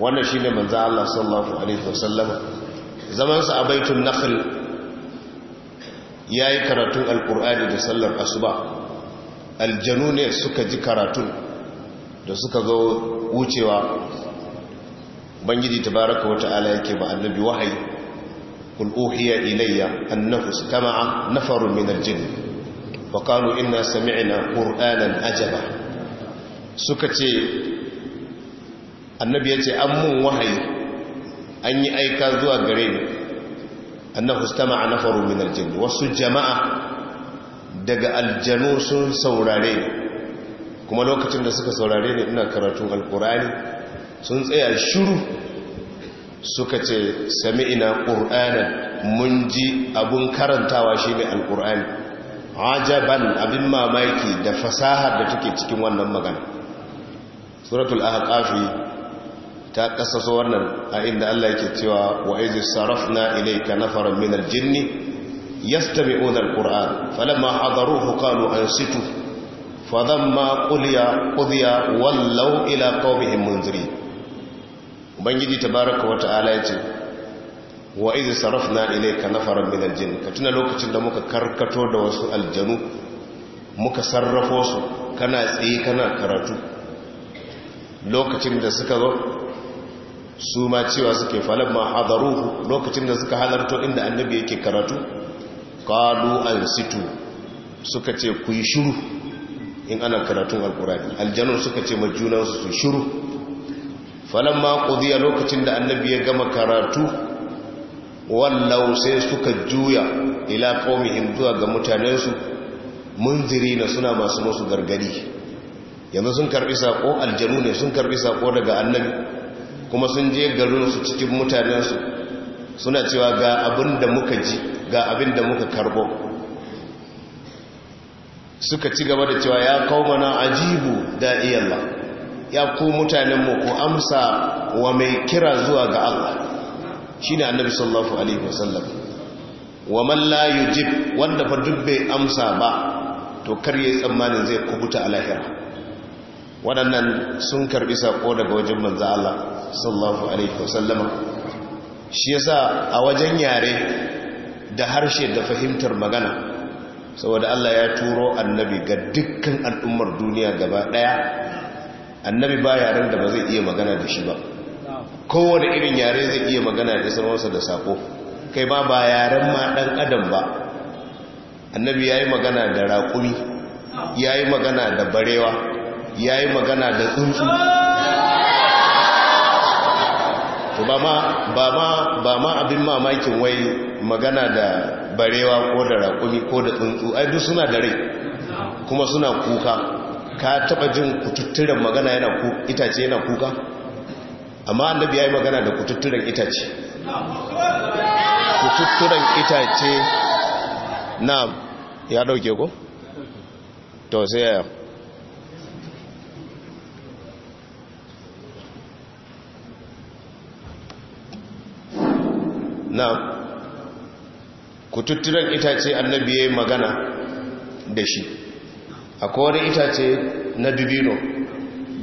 wannan shi ne manzan Allah sallallahu Alaihi wasallama zamansa a baitun nakhl ya yi karatun alkur'ani da sallar asuba aljanu ne suka ji karatun da suka zo wucewa bangiji baraka wa ta'ala yake ba annabi wahayi kul uhiya ilayya kama istama'a nafarun minar jin wa ina inna sami'na qur'anan ajaba suka ce annabi ya ce an mun wahayi an yi aika zuwa gare ni annahu istama'a nafaru min aljinn wasu jama'a daga aljanu sun saurare kuma lokacin da suka saurare ne ina karatun alkurani sun tsaya shiru suka ce sami'ina qur'ana mun ji abun karantawa shine alkurani ajaban abin mamaki da fasahar da take cikin wannan magana suratul ahqafi ta kasaso wannan a inda Allah yake cewa wa izi sarafna ilayka nafaran min aljinn yastami'una alquran falamma hadaruhu qalu ansitu fadamma quliya qudiya wallaw ila qawmihim munziri ubangiji tabaaraka wa ta'ala yace wa izi sarafna ilayka nafaran min aljinn ka lokacin da muka karkato da wasu aljanu muka sarrafo su kana tsaye kana karatu lokacin da suka zo su ma cewa suke ma hadaruhu lokacin da suka halarto inda annabi yake karatu qalu ansitu suka ce ku yi shiru in ana karatun alqurani aljanu suka ce majunan su shiru ma qudiya lokacin da annabi ya gama karatu wallau sai suka juya ila qaumihim zuwa ga mutanensu na suna masu musu gargadi yanzu sun karbi sako aljanu ne sun karbi sako daga annabi kuma sun je garinsu cikin mutanensu suna cewa ga abin da muka ji ga abin da muka karbo suka ci gaba da cewa ya mana ajibu da iyalla ya ku mutanenmu ku amsa wa mai kira zuwa ga Allah shi ne annabi sallallahu alaihi wasallam wa man la yujib wanda fa duk bai amsa ba to kar yayi tsammanin zai kubuta a waɗannan sun karɓi saƙo daga wajen manza Allah sallallahu alaihi sallama, shi yasa a wajen yare da harshe da fahimtar magana saboda Allah ya turo annabi ga dukkan al'ummar duniya gaba ɗaya annabi ba yaren da ba zai iya magana da shi ba kowane irin yare zai iya magana da isarwarsa da saƙo kai ba ba yaren ma ɗan adam ba annabi ya yi magana da raƙumi ya yi magana da barewa ya yi magana da tsuntsu ba ma abin mamakin wai magana da barewa ko da raƙumi ko da tsuntsu ai duk suna da rai kuma suna kuka ka taɓa jin kututturen magana yana itace yana kuka amma annabi ya yi magana da kututturen itace kututturen itace na ya ɗauke ko? to sai ya yi. na kututturen itace annabi ya yi magana da shi a kowane itace na dubino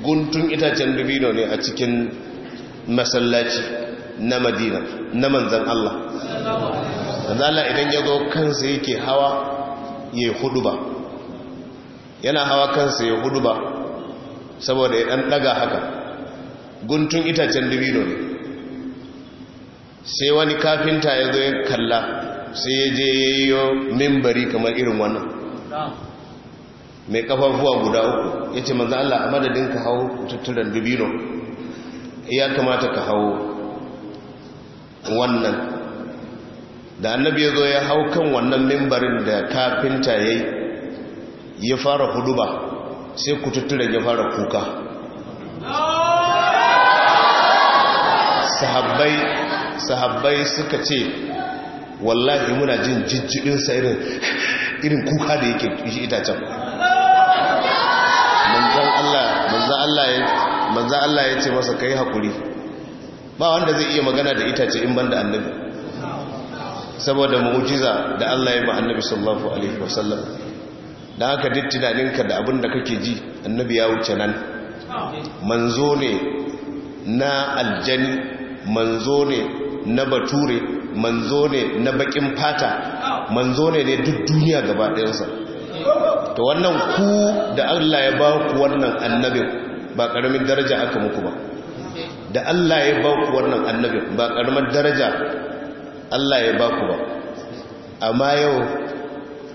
guntun itacen dubino ne a cikin masallaci na madina na manzan Allah zala idan ya zo kansa yake hawa ya yi hudu ba yana hawa kansa ya hudu ba saboda ya ɗan ɗaga haka guntun itacen dubino ne sai wani kafinta ya zo kalla sai ya je ya kamar irin wannan mai kafafuwa guda uku ya ce manzan Allah a madadin ka hau tutturan dubino ya kamata ka hau wannan da annabi ya zo ya hau kan wannan mimbarin da kafinta ya yi ya fara huduba sai kututturan ya fara kuka sahabbai sahabbai suka ce wallahi muna jin sa irin kuka da yake shi itacen manzan Allah Allah ya ce masa kai haƙuri ba wanda zai iya magana da itace in banda annabi saboda mu'ujiza da Allah ya ma annabi sallallahu alaihi wasallam dan haka duk tunaninka da abin da kake ji annabi ya wuce nan manzo ne na aljani manzo ne na bature manzo ne na bakin fata manzo ne ne duk duniya gaba ɗayansa to wannan ku da Allah ya ba ku wannan annabin ba ƙaramin daraja aka muku ba da Allah ya ba ku wannan annabin ba ƙaramin daraja Allah ya ba ku ba amma yau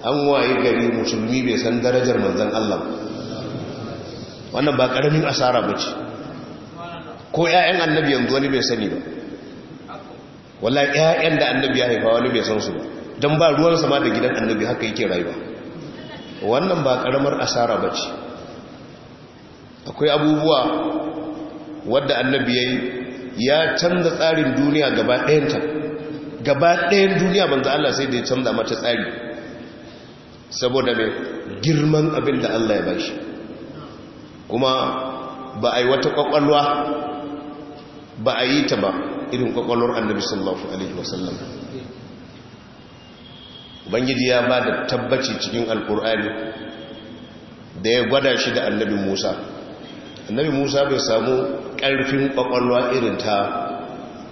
an waye gari musulmi bai san darajar manzan Allah wannan ba ƙaramin asara ba ce ko ‘ya'yan annabi yanzu wani bai sani ba wallahi ƴaƴan da annabi ya haifa wani bai san su ba? dan ba ruwan sama da gidan annabi haka yake rayuwa wannan ba karamar asara bace akwai abubuwa wadda annabi yayi ya canza tsarin duniya gaba ɗayanta gaba ɗayan duniya banza Allah sai da ya canza mata tsari saboda mai girman abin da Allah ya bashi kuma ba a yi wata ƙwaƙwalwa ba a yi ta ba irin kwakwalwar annabi sallallahu alaihi wasallam ubangiji ya ba da tabbaci cikin alkur'ani da ya gwada shi da annabi musa annabi musa bai samu ƙarfin kwakwalwa irin ta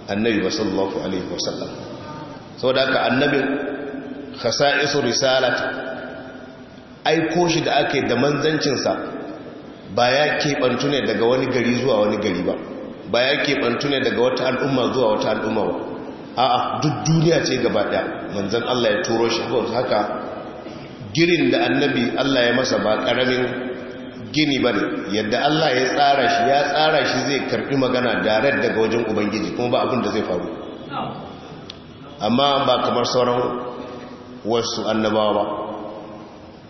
annabi sallallahu alaihi wasallam sau da aka annabin khasa'isu risalat aiko shi da ake da manzancinsa ba ya keɓantu ne daga wani gari zuwa wani gari ba ba ya keɓantu ne daga wata al'umma zuwa wata al'umma ba a duk duniya ce gaba ɗaya manzan Allah ya turo shi haka girin da annabi Allah ya masa ba ƙaramin gini ba ne yadda Allah ya tsara shi ya tsara shi zai karɓi magana darar daga wajen ubangiji kuma ba abin da zai faru amma ba kamar sauran wasu annabawa ba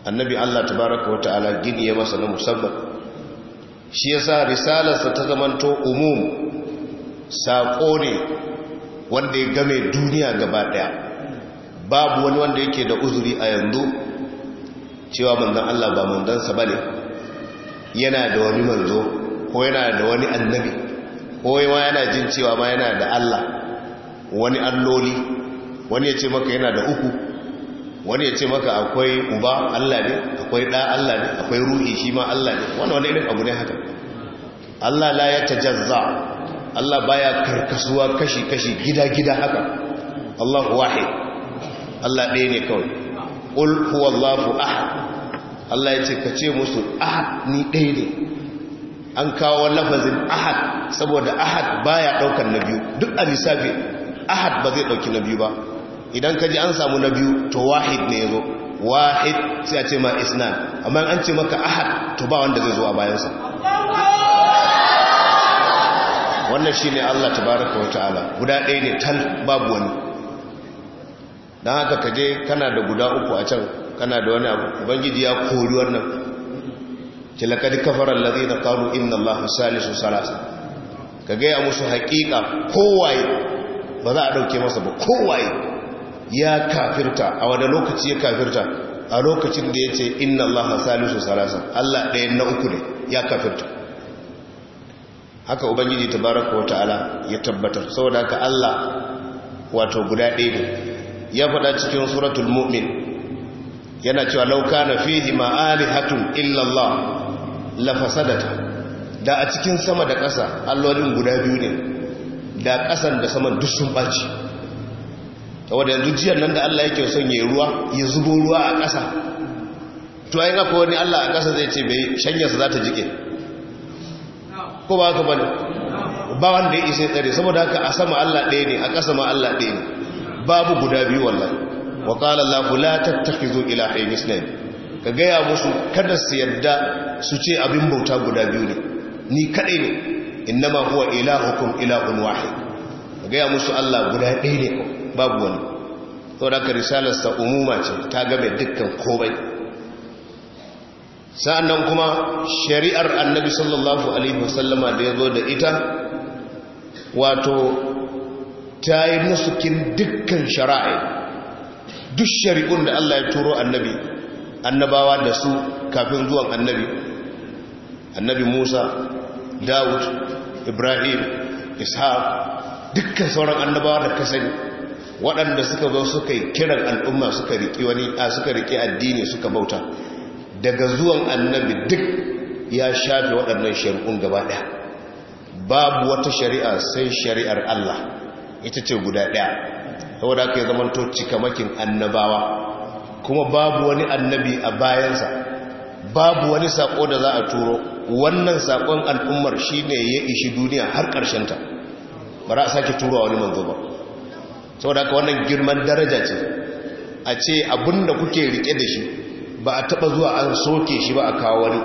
annabi Allah ta baraka wa ta'ala gini ya masa na musamman shi yasa risalarsa ta zamanto umum saƙo ne wanda ya game duniya gaba ɗaya babu wani wanda yake da uzuri a yanzu cewa manzan Allah ba manzansa ba ne yana da wani manzo ko yana da wani annabi ko yawa yana jin cewa ma yana da Allah wani alloli wani ya ce maka yana da uku wani ya ce maka akwai uba Allah ne akwai ɗa Allah ne akwai ruhi shi ma Allah ne wani wani irin abu ne haka Allah la ya jazza Allah baya karkasuwa kashi-kashi gida-gida haka Allah wahid Allah ɗaya ne kawai huwa huwallahu ahad Allah ya ce ka ce musu ahad ni ɗaya ne an kawo lafazin ahad saboda ahad baya ɗaukar na biyu duk a lissafi ahad ba zai ɗauki na biyu ba idan ka ji an samu na biyu to wahid ne zo wahid sai a ce ma isnan amma an ce maka ahad to ba wanda zai zo a bayansa wannan shi ne allah tabaraka wa ta'ala guda ɗaya ne tal babu wani don haka ka je kana da guda uku a can kana da wani abu ubangiji ya kori wannan kilakadi kafarar lazi na kawo inna allahu salisu salasa ka gaya musu haƙiƙa kowaye ba za a ɗauke masa ba kowaye ya kafirta a wadda lokaci ya kafirta a lokacin da ya ce inna a salisu salasa allah ɗaya na uku ne ya kafirta haka ubangiji tabaraka wa ta'ala ya tabbatar saboda aka allah wato guda ɗaya ne ya faɗa cikin suratul mu'min yana cewa lauka na fihi hatun illallah la fasadata da a cikin sama da ƙasa allolin guda biyu ne da ƙasan da saman duk sun ɓaci wadda yanzu jiyar nan da Allah yake son yayi ruwa ya zubo ruwa a ƙasa to ai ga wani Allah a ƙasa zai ce bai shanyar sa za ta jike ko ba ka bane ba wanda ya isa tsare saboda haka a sama Allah ɗaya ne a ƙasa ma Allah ɗaya ne babu guda biyu wallahi wa qala la la tattakhizu ilahayn islam ka gaya musu kada su yadda su ce abin bauta guda biyu ne ni kadai ne innama huwa ilahukum ilahun wahid ka gaya musu Allah guda ɗaya ne babu wani risalar risalarsa umuma ce ta game dukkan komai sa'annan kuma shari'ar annabi sallallahu alaihi wasallama da ya da ita wato ta yi musukin dukkan shara'i duk shari'un da Allah ya turo annabi annabawa da su kafin zuwan annabi annabi Musa Dawud Ibrahim Ishaq dukkan sauran annabawa da kasani waɗanda suka zo suka yi kiran al'umma suka riƙi wani a suka riƙi addini suka bauta daga zuwan annabi duk ya shafe waɗannan shari'un gaba ɗaya babu wata shari'a sai shari'ar Allah ita ce guda ɗaya saboda aka yi zamanto cikamakin annabawa kuma babu wani annabi a bayansa babu wani sako da za a turo wannan saƙon al'ummar shi ne ya ishi duniya har ƙarshenta ba za a sake turowa wani manzo ba saboda ka wannan girman daraja ce a ce abinda kuke rike da shi ba a taba zuwa an soke shi ba a kawo wani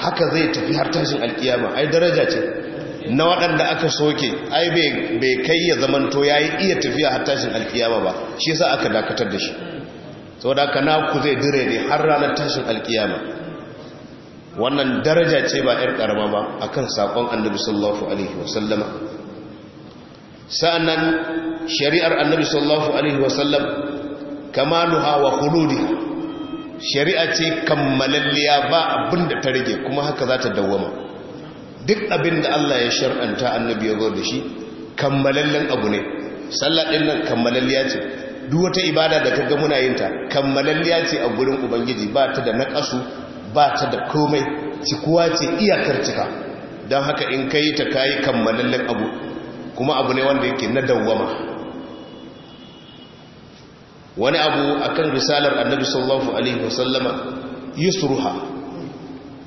haka zai tafi har tashin alkiyama ai daraja ce na waɗanda aka soke ai bai kai ya zamanto ya yi iya tafiya har tashin alkiyama ba shi sa aka dakatar da shi saboda haka naku zai dire ne har ranar tashin alkiyama wannan daraja ce ba 'yar karama ba akan saƙon annabi sallallahu alaihi wasallama sa'annan shari'ar annabi sallallahu alaihi wasallam kamaluha wa khuludi shari'a ce kammalalliya ba abin da ta rage kuma haka za ta dawwama duk abin da Allah ya shar'anta annabi ya zo da shi kammalallen abu ne Salladin nan kammalalliya ce duk wata ibada da kaga muna yin ta kammalalliya ce a gurin ubangiji ba ta da naƙasu, ba ta da komai cikuwa ce iyakar cika don haka in kai ta kayi kammalallen abu kuma abu ne wanda yake na dawwama wani abu akan risalar annabi sallallahu alaihi wasallama yusruha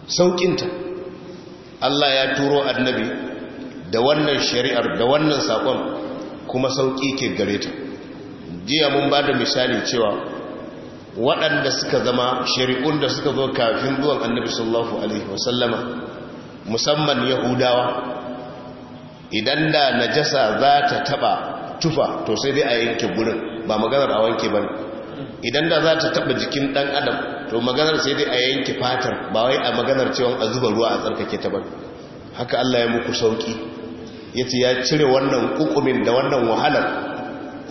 saukinta Allah ya turo annabi da wannan shari'ar da wannan sakon kuma sauki ke gare ta jiya mun ba da misali cewa waɗanda suka zama shari'un da suka zo kafin zuwan annabi sallallahu alaihi wasallama musamman yahudawa idan da najasa za ta taba tufa to sai dai a yanke gurin ba maganar a wanke ba idan da za ta taba jikin dan adam to maganar sai dai a yanke fatar ba wai a maganar cewa a zuba ruwa a tsarkake ta ba haka Allah ya muku sauki yace ya cire wannan kukumin da wannan wahalar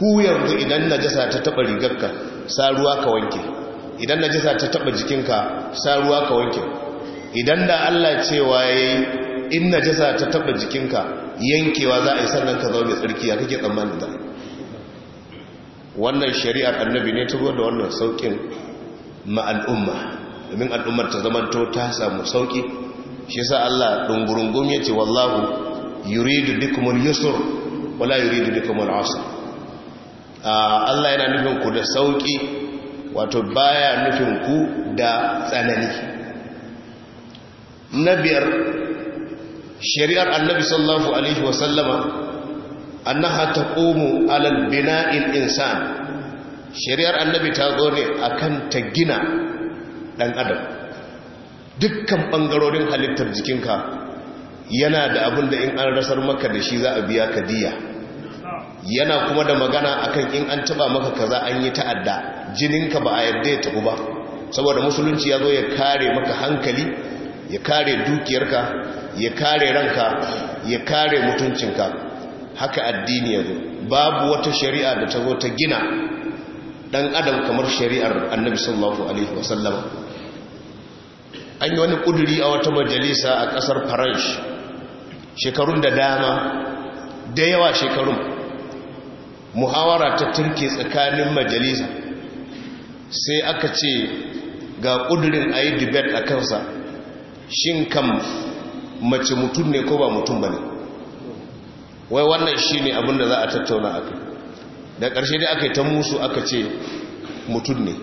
ku yanzu idan najasa ta taba rigarka sa ruwa ka wanke idan najasa ta taba jikinka sa ruwa ka wanke idan da Allah cewa yayi in najasa ta taba jikinka yankewa za a yi sannan ka zaune tsarki ya kake tsammanin da wannan shari'ar annabi ne turo da wannan saukin ma'al'umma, domin al'ummar ta zama to ta samu sauki shi sa Allah dungurungum ya ce wallahu yuridu bikumul yusr wala yuridu bikumul asr Allah yana nufin ku da sauki wato baya nufin ku da tsanani na biyar shari'ar annabi sallallahu alaihi wa sallama annaha taqumu alal bina'il insan shari'ar annabi ta zo ne akan ta gina ɗan adam dukkan ɓangarorin halittar jikinka yana da abin da in an rasar maka da shi za a biya ka diya yana kuma da magana akan in an taba maka kaza an yi ta'adda jininka ba a yadda ya tabu ba saboda musulunci ya zo ya kare maka hankali ya kare dukiyarka ya kare ranka ya kare mutuncinka haka addini ya zo babu wata shari'a da ta zo ta gina dan adam kamar shari'ar annabi sallallahu alaihi wasallam an yi wani kuduri a wata majalisa a kasar faransh shekarun da dama da yawa shekarun muhawara ta turke tsakanin majalisa sai aka ce ga kudurin a yi debate a kansa shin kam mace mutum ne ko ba mutum ba ne wai wannan shi ne abinda za a tattauna a da ƙarshe dai aka yi ta musu aka ce mutum ne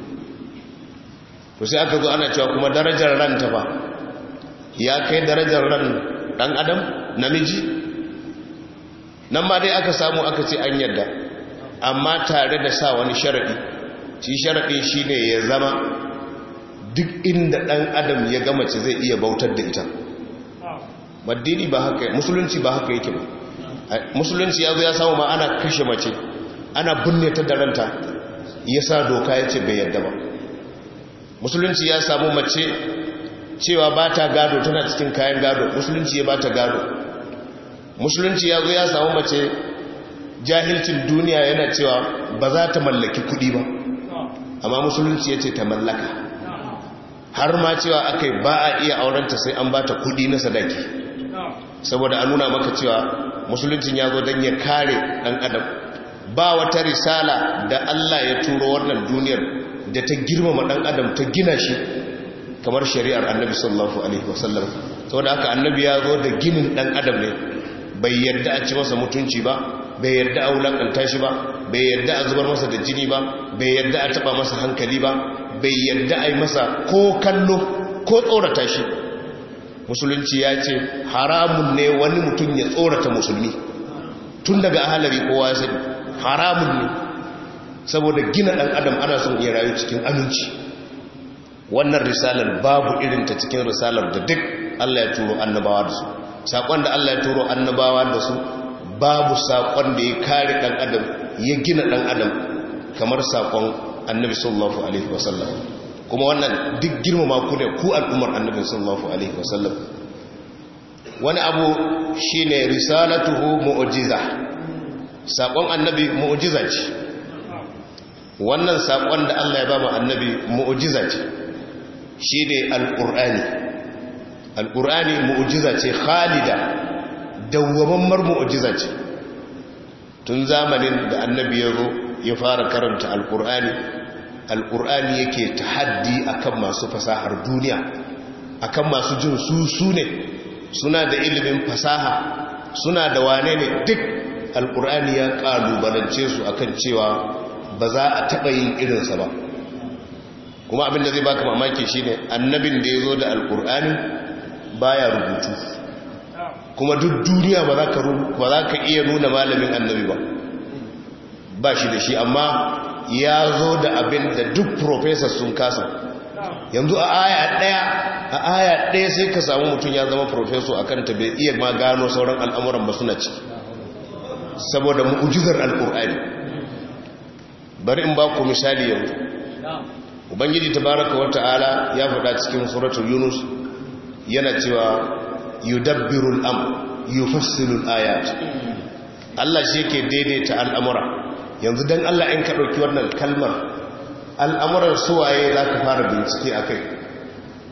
to sai aka zo ana cewa kuma darajar ran ta ba ya kai darajar ran ɗan adam namiji nan ma dai aka samu aka ce an yadda amma tare da sa wani sharaɗi shi sharaɗi shi ne ya zama duk inda ɗan adam ya gama ce zai iya bautar da ita maddini ba haka musulunci ba haka yake ba musulunci ya zo ya samu ma ana kashe mace ana binne ta da ranta ya sa doka ya ce bai yadda ba musulunci ya samu mace cewa ba ta gado tana cikin kayan gado musulunci ya ba ta gado musulunci ya zo ya samu mace jahilcin duniya yana cewa ba za ta mallaki kuɗi ba amma musulunci ya ce ta mallaka har ma cewa aka ba a iya aurenta sai an ba ta kuɗi na sadaki saboda an nuna maka cewa musuluncin ya zo don ya kare ɗan adam ba wata risala da Allah ya turo wannan duniyar da ta girmama ɗan adam ta gina shi kamar shari'ar annabi sallallahu alaihi wasallam saboda haka annabi ya zo da ginin ɗan adam ne bai yarda a ci masa mutunci ba bai yarda a wulakanta shi ba bai yarda a zubar masa da jini ba bai yarda a taba masa hankali ba bai yarda a yi masa ko kallo ko tsorata shi musulunci ya ce haramun ne wani mutum ya tsorata musulmi tun daga ahalari kowa sai haramun ne saboda gina ɗan adam ana son iya rayu cikin aminci wannan risalar babu irin ta cikin risalar da duk Allah ya turo annabawa da su saƙon da Allah ya turo annabawa da su babu saƙon da ya kare ɗan adam ya gina ɗan adam kamar saƙon annabi sallallahu alaihi wasallam kuma wannan duk girmama ku ne ku al'ummar annabi sallallahu alaihi wasallam wani abu shine risalatuhu mu'jiza sakon annabi mu'jiza ce wannan sakon da Allah ya ba mu annabi mu'jiza ce shine alqur'ani alqur'ani mu'jiza ce khalida dawwamammar mu'jiza ce tun zamanin da annabi ya zo ya fara karanta alqur'ani alƙur'ani yake ta tahaddi akan masu fasahar duniya akan masu jin su su ne suna da ilimin fasaha suna da wane ne duk alƙur'ani ya ƙalubalance su kan cewa ba za a taɓa yin irinsa ba kuma abinda zai baka mamaki ne annabin da ya zo da alƙur'ani baya rubutu kuma duk duniya ba za ka iya nuna malamin annabi ba ba shi da shi amma ya zo da abin da duk professor sun kasa yanzu a aya daya a aya daya sai ka samu mutum ya zama professor a ta bai iya ma gano sauran al'amuran ba suna ci saboda mu'ujizar alkur'ani bari in ba ku misali yanzu ubangiji tabaraka wata'ala ya faɗa cikin suratul yunus yana cewa yudabbirul am yufassilu ayat Allah shi yake daidaita al'amura yanzu don allah in ka ɗauki wannan kalmar al'amuran suwaye za ka fara bincike a kai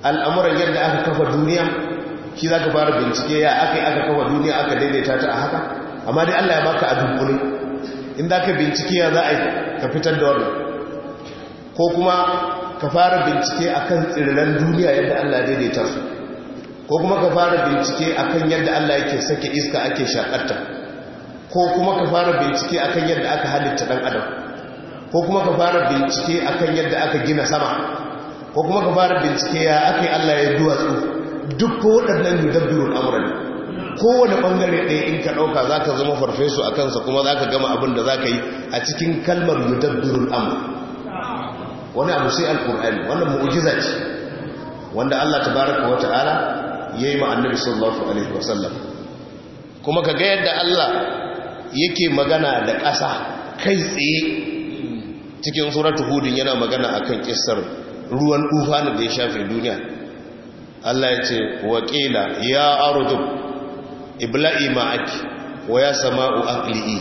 al'amuran yadda aka kafa duniya shi za ka fara bincike ya aka yi aka kafa duniya aka daidaita ta a haka amma dai allah ya baka a dunkule in za ka bincike ya za a yi ka fitar da wannan ko kuma ka fara bincike a kan tsirran duniya yadda allah ya daidaita su ko kuma ka fara bincike a kan yadda allah yake sake iska ake shakarta ko kuma ka fara bincike akan yadda aka halitta dan adam ko kuma ka fara bincike akan yadda aka gina sama ko kuma ka fara bincike ya akai Allah ya duwatsu duk ko waɗannan yudabbirul amra ne kowane bangare ɗaya in ka ɗauka zaka zama farfesu a kansa kuma zaka gama abin da zaka yi a cikin kalmar yudabbirul amra wani abu sai alkur'ani wannan mujiza ce wanda Allah tabaaraka wa ta'ala yayi ma annabi sallallahu alaihi wasallam kuma ka ga yadda Allah yake magana da ƙasa kai tsaye cikin suratu hudun yana magana a kan ƙistar ruwan na da ya shafe duniya Allah ya ce waƙila ya ardu ibla'i ma'aki wa ya sama'u aqli'i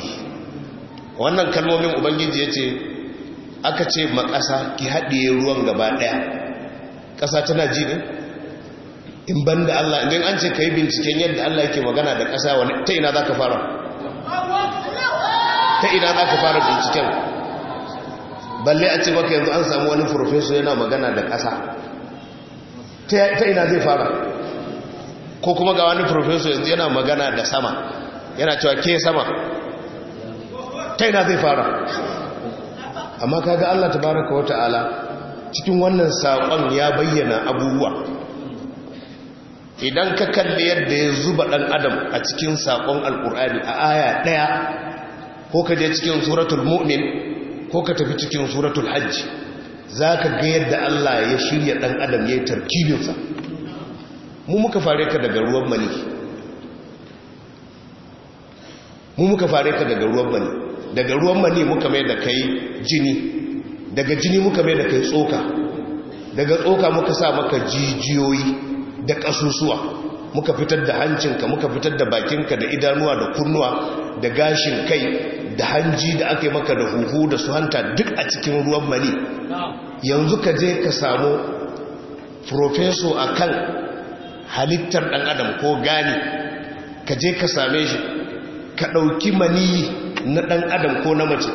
wannan kalmomin ubangiji ya ce aka ce ƙasa ki haɗiye ruwan gaba ɗaya ƙasa tana ji ne in ban da Allah ɗin an ce ka yi binciken yadda Allah yake magana da ƙasa wani ta ina za ka fara ta ina za ka fara binciken balle a ce maka yanzu an samu wani profesor yana magana da ƙasa ta ina zai fara ko kuma ga wani profesor yanzu yana magana da sama yana cewa ke sama ta ina zai fara amma kaga Allah tabaraka wata'ala cikin wannan saƙon ya bayyana abubuwa idan ka kalli yadda ya zuba ɗan adam a cikin saƙon alƙur'ani a aya ɗaya ko ka je cikin suratul mu'min ko ka tafi cikin suratul hajji za ka ga yadda Allah ya shirya ɗan adam ya yi tarkibinsa mu muka fare ka daga ruwan mani mu muka fare ka daga ruwan mani daga ruwan mani muka mai da kai jini daga jini muka mai da kai tsoka daga tsoka muka sa maka jijiyoyi da ƙasusuwa muka fitar da hancinka muka fitar da bakinka da idanuwa da kunnuwa da gashin kai da hanji da aka yi maka da huhu da su hanta duk a cikin ruwan mani yanzu ka je ka samu profeso a kan halittar ɗan adam ko gani ka je ka same shi ka ɗauki mani na ɗan adam ko na mace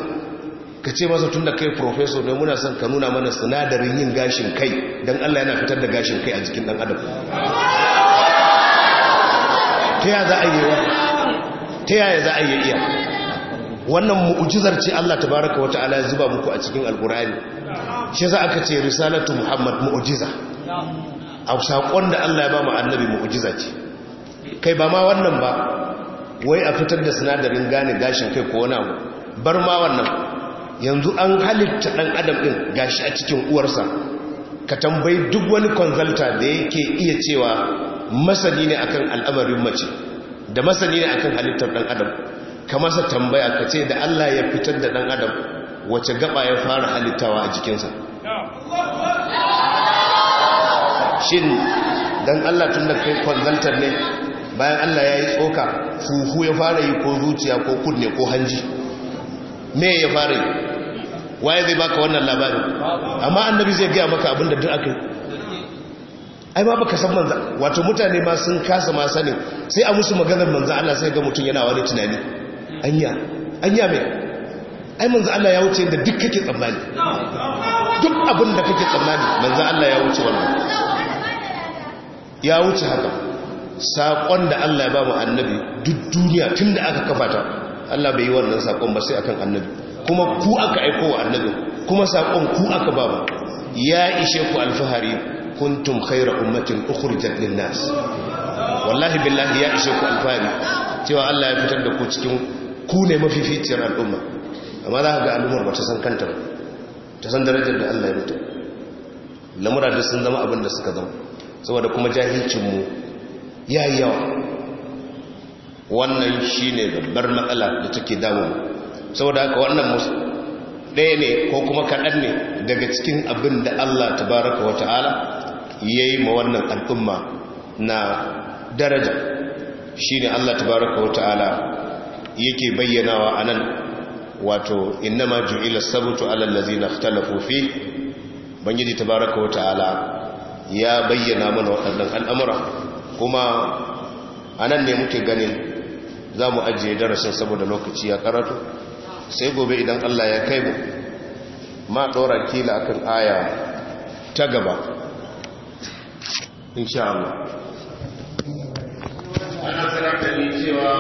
ka ce masa tun da kai profeso ne muna son ka nuna mana sinadarin yin gashin kai don allah yana fitar da gashin kai a jikin ɗan adam ta ya za a yi wa ta yaya za a yi iya wannan mu'ujizar ce Allah Ta baraka wata'ala ya zuba muku a cikin alkurani shi za aka ce risalatu muhammad mu'ujiza a saƙon da Allah ya ba mu annabi mu'ujiza ce kai ba ma wannan ba wai a fitar da sinadarin gane gashin kai ko wani abu bar ma wannan yanzu an halitta ɗan adam ɗin gashi a cikin uwarsa ka tambayi duk wani konzalta da yake iya cewa masani ne akan al'amarin mace da masani ne akan halittar dan adam ka masa tambaya ka ce da Allah ya fitar da dan adam wace gaba ya fara halittawa a jikinsa shin dan Allah tun da kai kwanzantar ne bayan Allah ya yi tsoka fufu ya fara yi ko zuciya ko kunne ko hanji me ya fara yi waye zai baka wannan labarin amma annabi zai gaya maka abinda duk akai ai ma baka san manza wato mutane ma sun kasa ma sanin sai a musu maganar manza Allah sai ga mutum yana wani tunani anya anya mai ai manzo Allah ya wuce da duk kake tsammani duk abin da kake tsammani manza Allah ya wuce wannan ya wuce haka saƙon da Allah ya ba mu annabi duk duniya tun da aka kafa ta Allah bai yi wannan saƙon ba sai akan annabi kuma ku aka aiko wa annabi kuma saƙon ku aka ba ya ishe ku alfahari kuntum khayra ummatin ukhrijat lin nas wallahi billahi ya ishe alfari cewa Allah ya fitar da ku cikin ku ne mafificiyar al'umma amma za ka ga al'ummar ba ta san kanta ba ta san darajar da Allah ya mutu lamura da sun zama abin da suka zama saboda kuma jahilcin mu ya yi yawa wannan shine babbar matsala da take damu saboda haka wannan ɗaya ne ko kuma kaɗan ne daga cikin abin da Allah tabaraka wa ta'ala ya yi ma wannan al'umma na daraja shi ne Allah tabaraka wa ta'ala yake bayyanawa a nan wato innama ju'ila sabutu alal ladzina ikhtalafu bangiji tabaraka wa ta'ala ya bayyana mana waɗannan al'amura kuma a nan ne muke ganin za mu ajiye darasin saboda lokaci ya karatu sai gobe idan Allah ya kai mu ma ɗora kila akan aya ta gaba insha Allah ana sanar da ni cewa